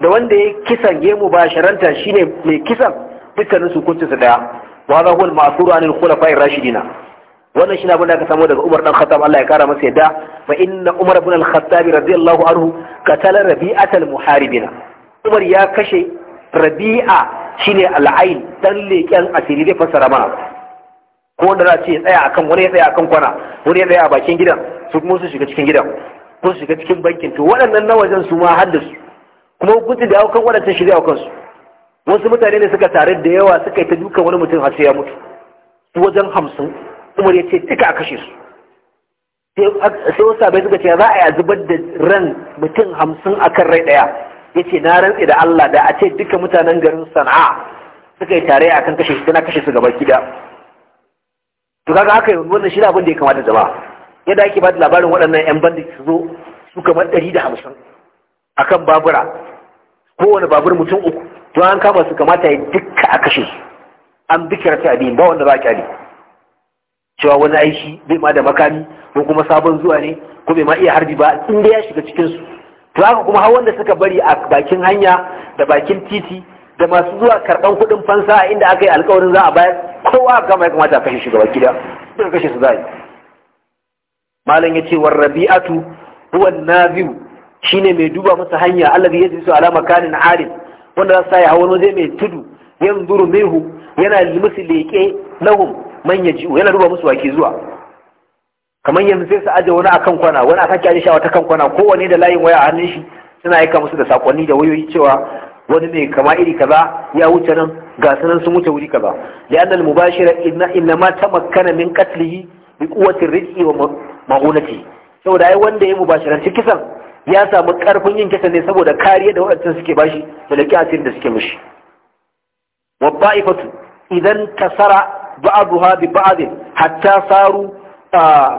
da wanda ya kisan ya mubashiranta shine mai kisan dukkanin su kunci daya wa za huwa al-ma'thur anil rashidina wannan shi abin da aka samu daga Umar dan Khattab Allah ya kara masa yadda fa inna Umar ibn al-Khattab radiyallahu anhu qatala Rabi'at al-Muharibina Umar ya kashe Rabi'a shine al-Ain dan leken asiri da fasara mana ko da za ce tsaya akan wani ya tsaya akan kwana wani ya tsaya a bakin gidan su kuma su shiga cikin gidan ko su shiga cikin bankin to waɗannan na wajen su ma su. kuma hukunci da aukan waɗancan shirya aukan su wasu mutane ne suka tare da yawa suka yi ta dukan wani mutum har sai ya mutu wajen hamsin umar ya ce duka a kashe su sai wasu sabai suka ce za a yi zubar da ran mutum hamsin a kan rai ɗaya ya ce na rantse da Allah da a ce duka mutanen garin sana'a suka yi tare a kan kashe su tana kashe su gaba gida to kaga haka yi wannan shi abin da ya kamata jama'a yadda ake ba da labarin waɗannan 'yan bandit su zo su kamar ɗari da hamsin a kan babura kowane babur mutum uku to an kama su kamata ya duka a kashe su an bikira ta abin ba wanda za a kyale cewa wani aiki bai ma da makami ko kuma sabon zuwa ne ko bai ma iya harbi ba in dai ya shiga cikin su to haka kuma har wanda suka bari a bakin hanya da bakin titi da masu zuwa karban kuɗin fansa inda aka yi alkawarin za a bayar kowa gama ya kamata a kashe shi gaba gida duka kashe su zai malam ya ce war rabi'atu huwa an-nabiu shine mai duba masa hanya allazi yajlisu ala makanin alim wanda za su sa ya hawa waje mai tudu yanzuru minhu yana musu leƙe lahum man yaji'u yana duba musu wake zuwa kamar yanzu sai su aje wani akan kwana wani a sake aje shi a kan kwana kowanne da layin waya a hannun shi suna aika musu da sakonni da wayoyi cewa wani mai kama iri kaza ya wuce nan ga sanan sun wuce wuri kaza da annal mubashira inna inna ma tamakkana min qatlihi bi quwwati rizqi wa ma'unati saboda ai wanda ya ci kisan ya samu karfin yin kisan ne saboda kariya da wadancan suke bashi da laki asirin da suke mishi wa ba'ifatu idan tasara ba'dha bi ba'd hatta saru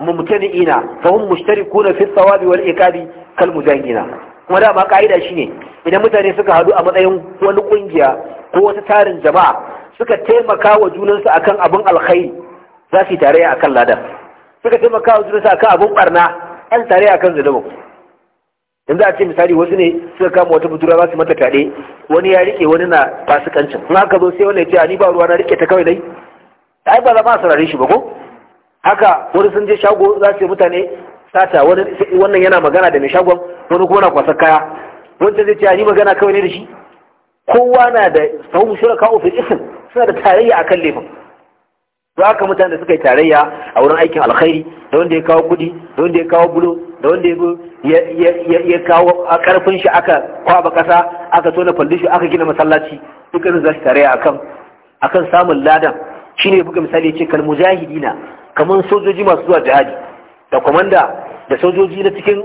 mumtani'ina fa hum mushtarikuna fi thawabi wal iqabi kal mujahidina kuma dama ka'ida shine idan mutane suka hadu a matsayin wani kungiya ko wata tarin jama'a suka taimaka wa junansu akan abin alkhairi za su yi tarayya akan ladan suka taimaka wa junansu akan abin barna an tarayya akan In za a ce misali wasu ne suka kama wata budura za su mata kaɗe wani ya rike wani na fasikancin in haka zo sai wani ya ce ni ba ruwa na rike ta kawai dai ai ba za ma saurare shi ba ko haka wani sun je shago za su yi mutane sata wannan yana magana da mai shagon wani kuma na kwasar kaya wancan je ce yi magana kawai ne da shi kowa na da sahun kawo fi isin suna da tarayya a kan laifin to haka mutane da suka yi tarayya a wurin aikin alkhairi da wanda ya kawo kudi da wanda ya kawo bulo da wanda ya kawo a karfin shi aka kwaba kasa aka tona faldishi aka gina masallaci dukkanin za su tarayya akan samun ladan Shi ne buga misali yace jahidi mujahidina Kamar sojoji masu zuwa jihadi da kwamanda da sojoji na cikin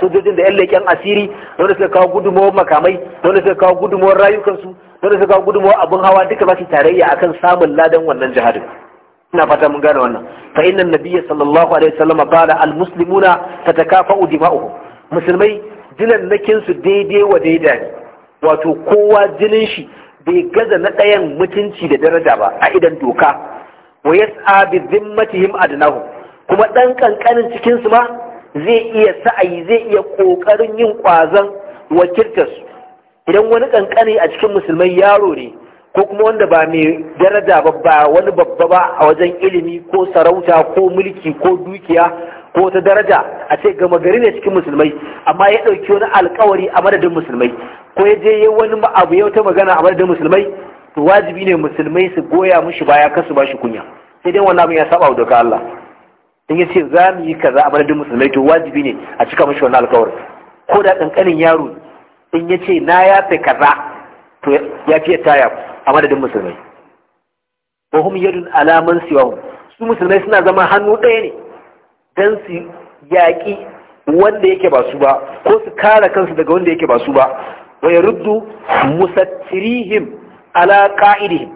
sojojin da yan leƙen asiri wanda suka kawo gudunmawar makamai wanda suka kawo gudunmawar rayukansu wanda suka kawo gudunmawar abin hawa duka ba su tarayya akan samun ladan wannan jihadin ina fata mun gane wannan fa inna nabiyya sallallahu alaihi wasallam qala al muslimuna tatakafa'u dima'uhum musulmai jinan nakin su daidai wa daidai wato kowa jinin shi bai gaza na ɗayan mutunci da daraja ba a idan doka wa yas'a bi dhimmatihim adnahu kuma ɗan ƙanƙanin cikinsu ma zai iya sa'ayi zai iya ƙoƙarin yin ƙwazon wakiltarsu idan wani ƙanƙani a cikin musulmai yaro ne ko kuma wanda ba mai daraja ba wani babba ba a wajen ilimi ko sarauta ko mulki ko dukiya ko wata daraja a ce gama gari ne cikin musulmai amma ya ɗauki wani alkawari a madadin musulmai ko ya je ya wani abu ya wata magana a madadin musulmai to wajibi ne musulmai su goya mushi baya kasu ba shi kunya sai dai wannan abin ya saba da Allah in ya ce za mu yi kaza a madadin musulmai to wajibi ne a cika mushi wannan alkawari ko da kankanin yaro in ya ce na yafe kaza to ya fiye taya a madadin musulmai wa hum yadun alaman siwahum su musulmai suna zama hannu ɗaya ne don su yaƙi wanda yake ba su ba ko su kare kansu daga wanda yake ba su ba wa ya ruddu musattirihim ala ka'idihim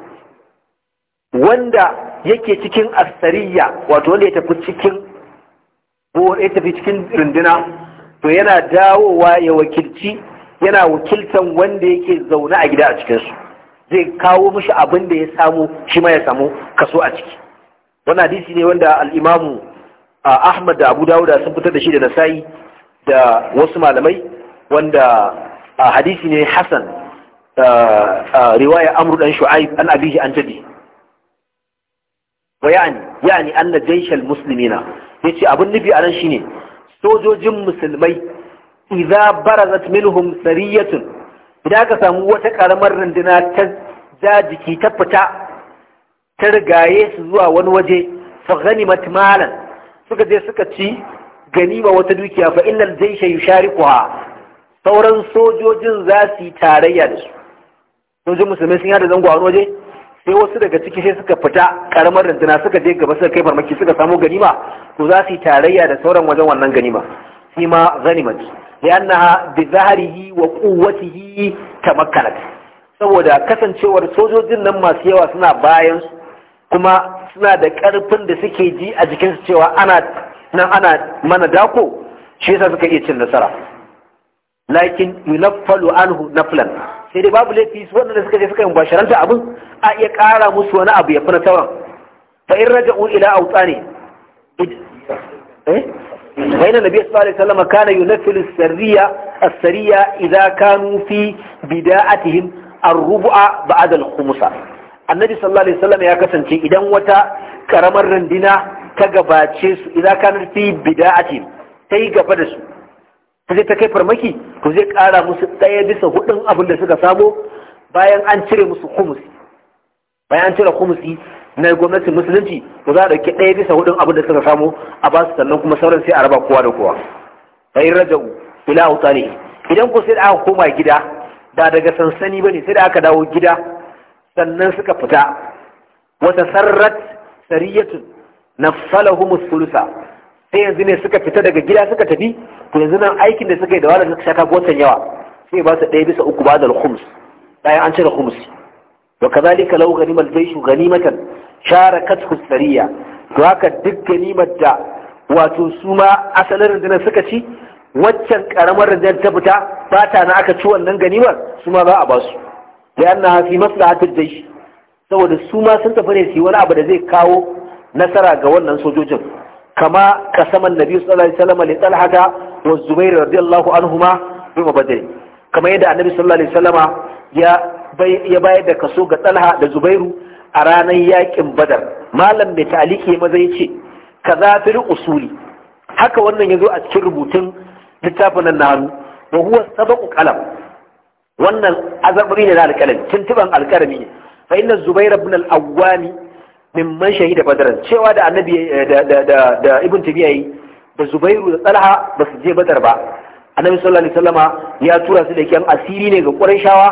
wanda yake cikin asariya wato wanda ya tafi cikin ya tafi cikin runduna to yana dawowa ya wakilci yana wakiltan wanda yake zaune a gida a cikinsu zai kawo mishi abin da ya samu shi ma ya samu kaso a ciki wannan hadisi ne wanda al'imamu Ahmad da Abu Dawuda sun fitar da shi da Nasa'i da wasu malamai wanda hadisi ne Hassan riwaya Amr dan Shu'aib an abiji an tabi bayani yani anna jayshal muslimina yace abin nufi anan shine sojojin musulmai idza barazat minhum sariyatun idan ka samu wata karamar runduna ta jajiki ta fita ta rigaye su zuwa wani waje fa ghanimat malan suka je suka ci ganima wata dukiya fa innal jaysha yusharikuha sauran sojojin za su yi tarayya da su sojojin musulmai sun yada zango a waje sai wasu daga ciki sai suka fita karamar rundunar suka je gaba suka kai farmaki suka samu ganima to za su yi tarayya da sauran wajen wannan ganima shi ma ganimat li'annaha bi zahrihi wa quwwatihi tamakkanat saboda kasancewar sojojin nan masu yawa suna bayan kuma suna da ƙarfin da suke ji a jikinsu cewa ana nan ana mana dako shi yasa suka iya cin nasara lakin yunaffalu anhu naflan sai dai babu laifi su wanda suka je suka yi basharanta abin a iya ƙara musu wani abu ya fi na sauran fa in raja'u ila awtani eh bayan annabi sallallahu alaihi wasallam kana yunaffilu sarriya as-sariya idza kanu fi bida'atihim ar-rubu'a ba'da al-khumsa annabi sallallahu alaihi wasallam ya kasance idan wata karamar rundina ta gabace su idan kanar fi bid'ati ta yi gaba da su ta je ta kai farmaki Ku zai kara musu daya bisa hudun abin da suka samo bayan an cire musu kumusi bayan an cire kumusi na gwamnatin musulunci Ku za a ɗauki ɗaya bisa hudun abin da suka samo a ba su sannan kuma sauran sai a raba kowa da kowa fa in raja'u ila autani idan ku sai aka koma gida da daga sansani bane sai da aka dawo gida sannan suka fita wata sarrat sariyatu na falahumus fulusa sai yanzu ne suka fita daga gida suka tafi to yanzu nan aikin da suka yi da wala suka shaka gotan yawa sai ba su ɗaya bisa uku ba da alhums bayan an cire alhums wa kazalika law ganimal jayshu ganimatan sharakathu sariya to haka duk ganimar da wato su ma asalin rundunar suka ci waccan ƙaramar rundunar ta fita ba ta na aka ci wannan ganimar su ma za a basu. da yana fi maslahatar da shi saboda su ma sun tafi ne su wani abu da zai kawo nasara ga wannan sojojin kama kasaman nabi sallallahu alaihi wasallam li talhata wa zubair radiyallahu anhuma kama yadda annabi sallallahu alaihi wasallam ya ya bayar da kaso ga Ɗalha da zubairu a ranar yakin badar malam mai taliki ma zai ce fi fil usuli haka wannan ya zo a cikin rubutun littafin nan na hannu ba huwa sabaqu qalam wannan azabri ne na alkalami. tuntuban alkalami ne fa inna zubair ibn al-awwami mimman shahida badran cewa da annabi eh, da da da ibn tabi'a da zubairu da talha ba su je badar ba annabi sallallahu alaihi wasallama ya tura su da kyan asiri ne ga qurayshawa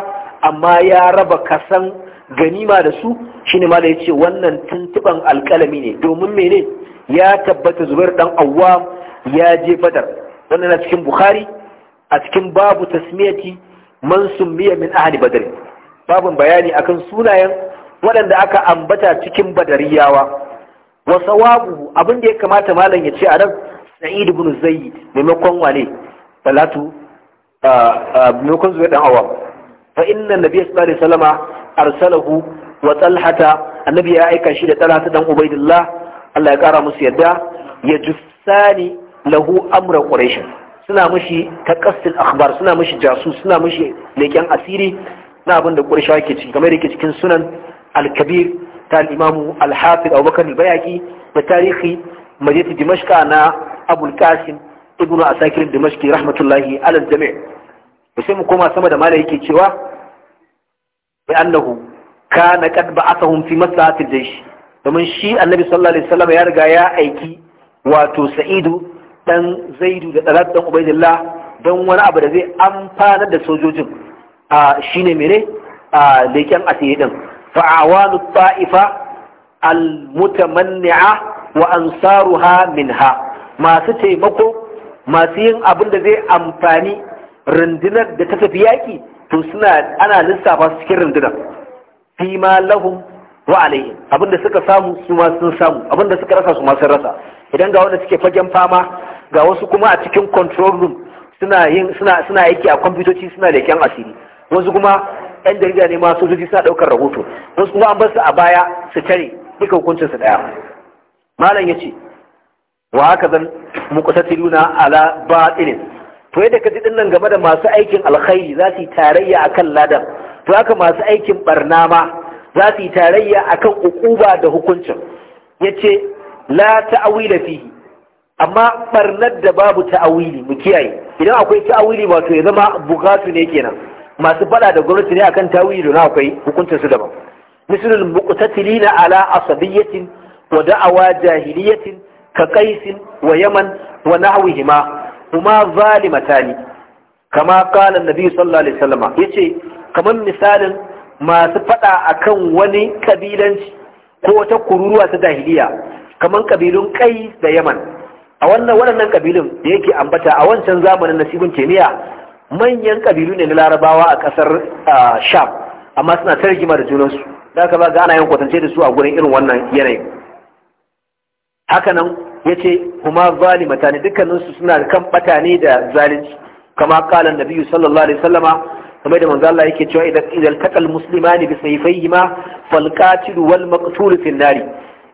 amma ya raba kasan ganima da su shine ma da yace wannan tuntuban alkalami ne domin mene ya tabbata zubair dan awwam ya je badar wannan a cikin bukhari a cikin babu tasmiyati man sumiya min ahli badr babun bayani akan sunayen waɗanda aka ambata cikin badariyawa wa sawabu abin da ya kamata malam ya ce a nan sa'id ibn zayd maimakon wane talatu maimakon zuwa dan awam fa inna nabiyyi sallallahu alaihi wasallama arsalahu wa talhata annabi ya aika shi da talhata dan ubaidillah Allah ya kara musu yadda ya jussani lahu amra quraish suna mishi takassil akhbar suna mishi jasus suna mishi leken asiri na abin da Qurayshawa ke ciki kamar yake cikin sunan al-kabir ta al-imam al-hafiz Abu Bakar al-Bayhaqi da tarihi majid Dimashqa na Abu qasim ibnu Asakir Dimashqi rahmatullahi ala jami sai mu koma sama da malai yake cewa bi annahu kana qad ba'athahum fi maslahatil jaysh domin shi annabi sallallahu alaihi wasallam ya riga ya aiki wato sa'idu Ɗan zaidu da ɗalat dan ubaidillah don wani abu da zai amfana da sojojin a shine mere a leken asiri din fa'awanu ta'ifa almutamanni'a wa ansaruha minha masu taimako masu yin abin da zai amfani rundunar da ta tafi yaki to suna ana lissafa su cikin rundunar fi ma lahum wa alaihim abinda suka samu su ma sun samu da suka rasa su masu rasa idan ga wanda suke fagen fama ga wasu kuma a cikin control room suna yin aiki a kwamfutoci suna da kyan asiri wasu kuma yan jarida ne ma sojoji suna daukar rahoto wasu kuma an bar su a baya su tare duka hukuncin su daya malam yace wa haka zan muqtatiluna ala batilin to yadda ka ji dinnan game da masu aikin alkhairi za su yi tarayya akan ladan to haka masu aikin barna ma za su yi tarayya akan ukuba da hukuncin yace la ta'awila fihi amma barnar da babu ta'awili mu kiyaye idan akwai ta'awili to ya zama bukatu ne kenan masu fada da gwamnati ne akan ta'awili don akwai hukuncin su daban misalul muqtatilina ala asabiyatin wa da'awa jahiliyatin ka qaisin wa yaman wa nahwihima kuma zalimatani kama qala annabi sallallahu alaihi wasallam yace kamar misalin masu fada akan wani kabilanci ko wata kururuwa ta jahiliya kamar kabilun qais da yaman a wannan waɗannan kabilun da yake ambata a wancan zamanin na sigun kemiya manyan kabilu ne na larabawa a ƙasar sham amma suna ta rigima da junansu da aka ba ga ana yin kwatance da su a gurin irin wannan yanayi hakanan ya ce kuma Zali mutane, dukkaninsu suna kan bata ne da zalunci kama kalan nabiyu sallallahu alaihi sallama kuma da manzo Allah yake cewa idan takal muslimani bi sayfayhima fal qatil wal maqtul fi nari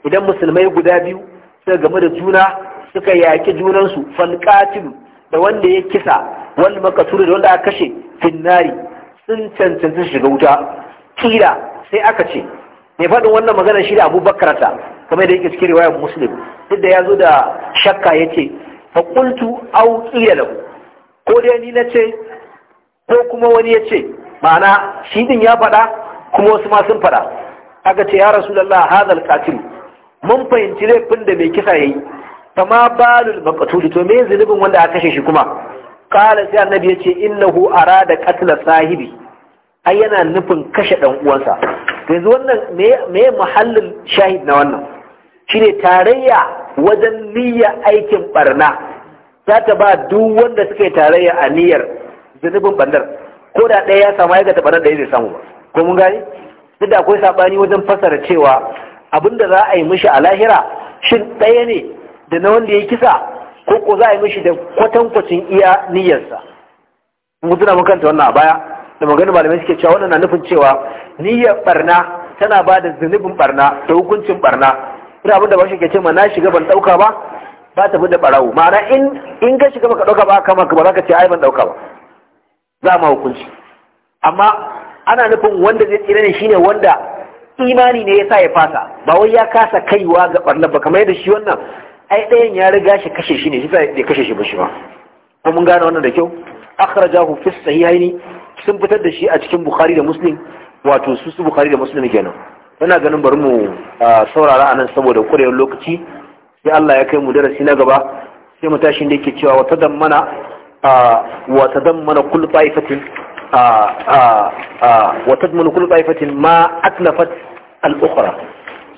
idan musulmai guda biyu suka game da juna suka yaki junansu falqatilu da wanda ya kisa wal makasur da wanda aka kashe finnari sun cancanci shiga wuta kila sai aka ce mai faɗin wannan magana shi da abubakar ta kamar da yake cikin riwayar muslim duk da ya zo da shakka ya ce faƙultu au ƙila ko dai ni na ce ko kuma wani ya ce ma'ana shi din ya faɗa kuma wasu ma sun faɗa aka ce ya rasulullah hadal qatil mun fahimci laifin da mai kisa yayi fama balul maqtul to me zunubin wanda aka kashe shi kuma qala sai annabi yace innahu arada qatla sahibi ai yana nufin kashe dan uwansa yanzu wannan me me muhallin shahid na wannan shine tarayya wajen niyya aikin barna za ta ba duk wanda suka yi tarayya a niyyar zunubin bandar ko da ɗaya ya samu aikata barnar da ya zai samu ba ko mun gani duk da akwai sabani wajen fasara cewa abinda za a yi mishi a lahira shin ɗaya ne da na wanda ya yi kisa ko ko za a yi mishi da kwatankwacin iya niyyarsa mun tuna mun kanta wannan a baya da magana malamai suke cewa wannan na nufin cewa niyyar barna tana ba da zunubin barna da hukuncin barna ina abin da ba shi ke ce ma na shiga ban dauka ba ba ta da barawo ma'ana in in ka shiga baka dauka ba kama ba za ka ce ai ban dauka ba za ma hukunci amma ana nufin wanda zai tsira ne shine wanda imani ne ya sa ya fasa ba wai ya kasa kaiwa ga barna ba kamar yadda shi wannan ai ɗayan ya riga shi kashe shi ne shi bai kashe shi ba shi ba ko mun gane wannan da kyau akhrajahu fi sahihaini sun fitar da shi a cikin bukhari da muslim wato su su bukhari da muslim kenan yana ganin bari mu saurara anan saboda kurewar lokaci sai Allah ya kai mu darasi na gaba sai mu tashi da yake cewa wata dammana wa tadammana kullu ta'ifatin wa tadmanu kullu ta'ifatin ma atlafat al-ukhra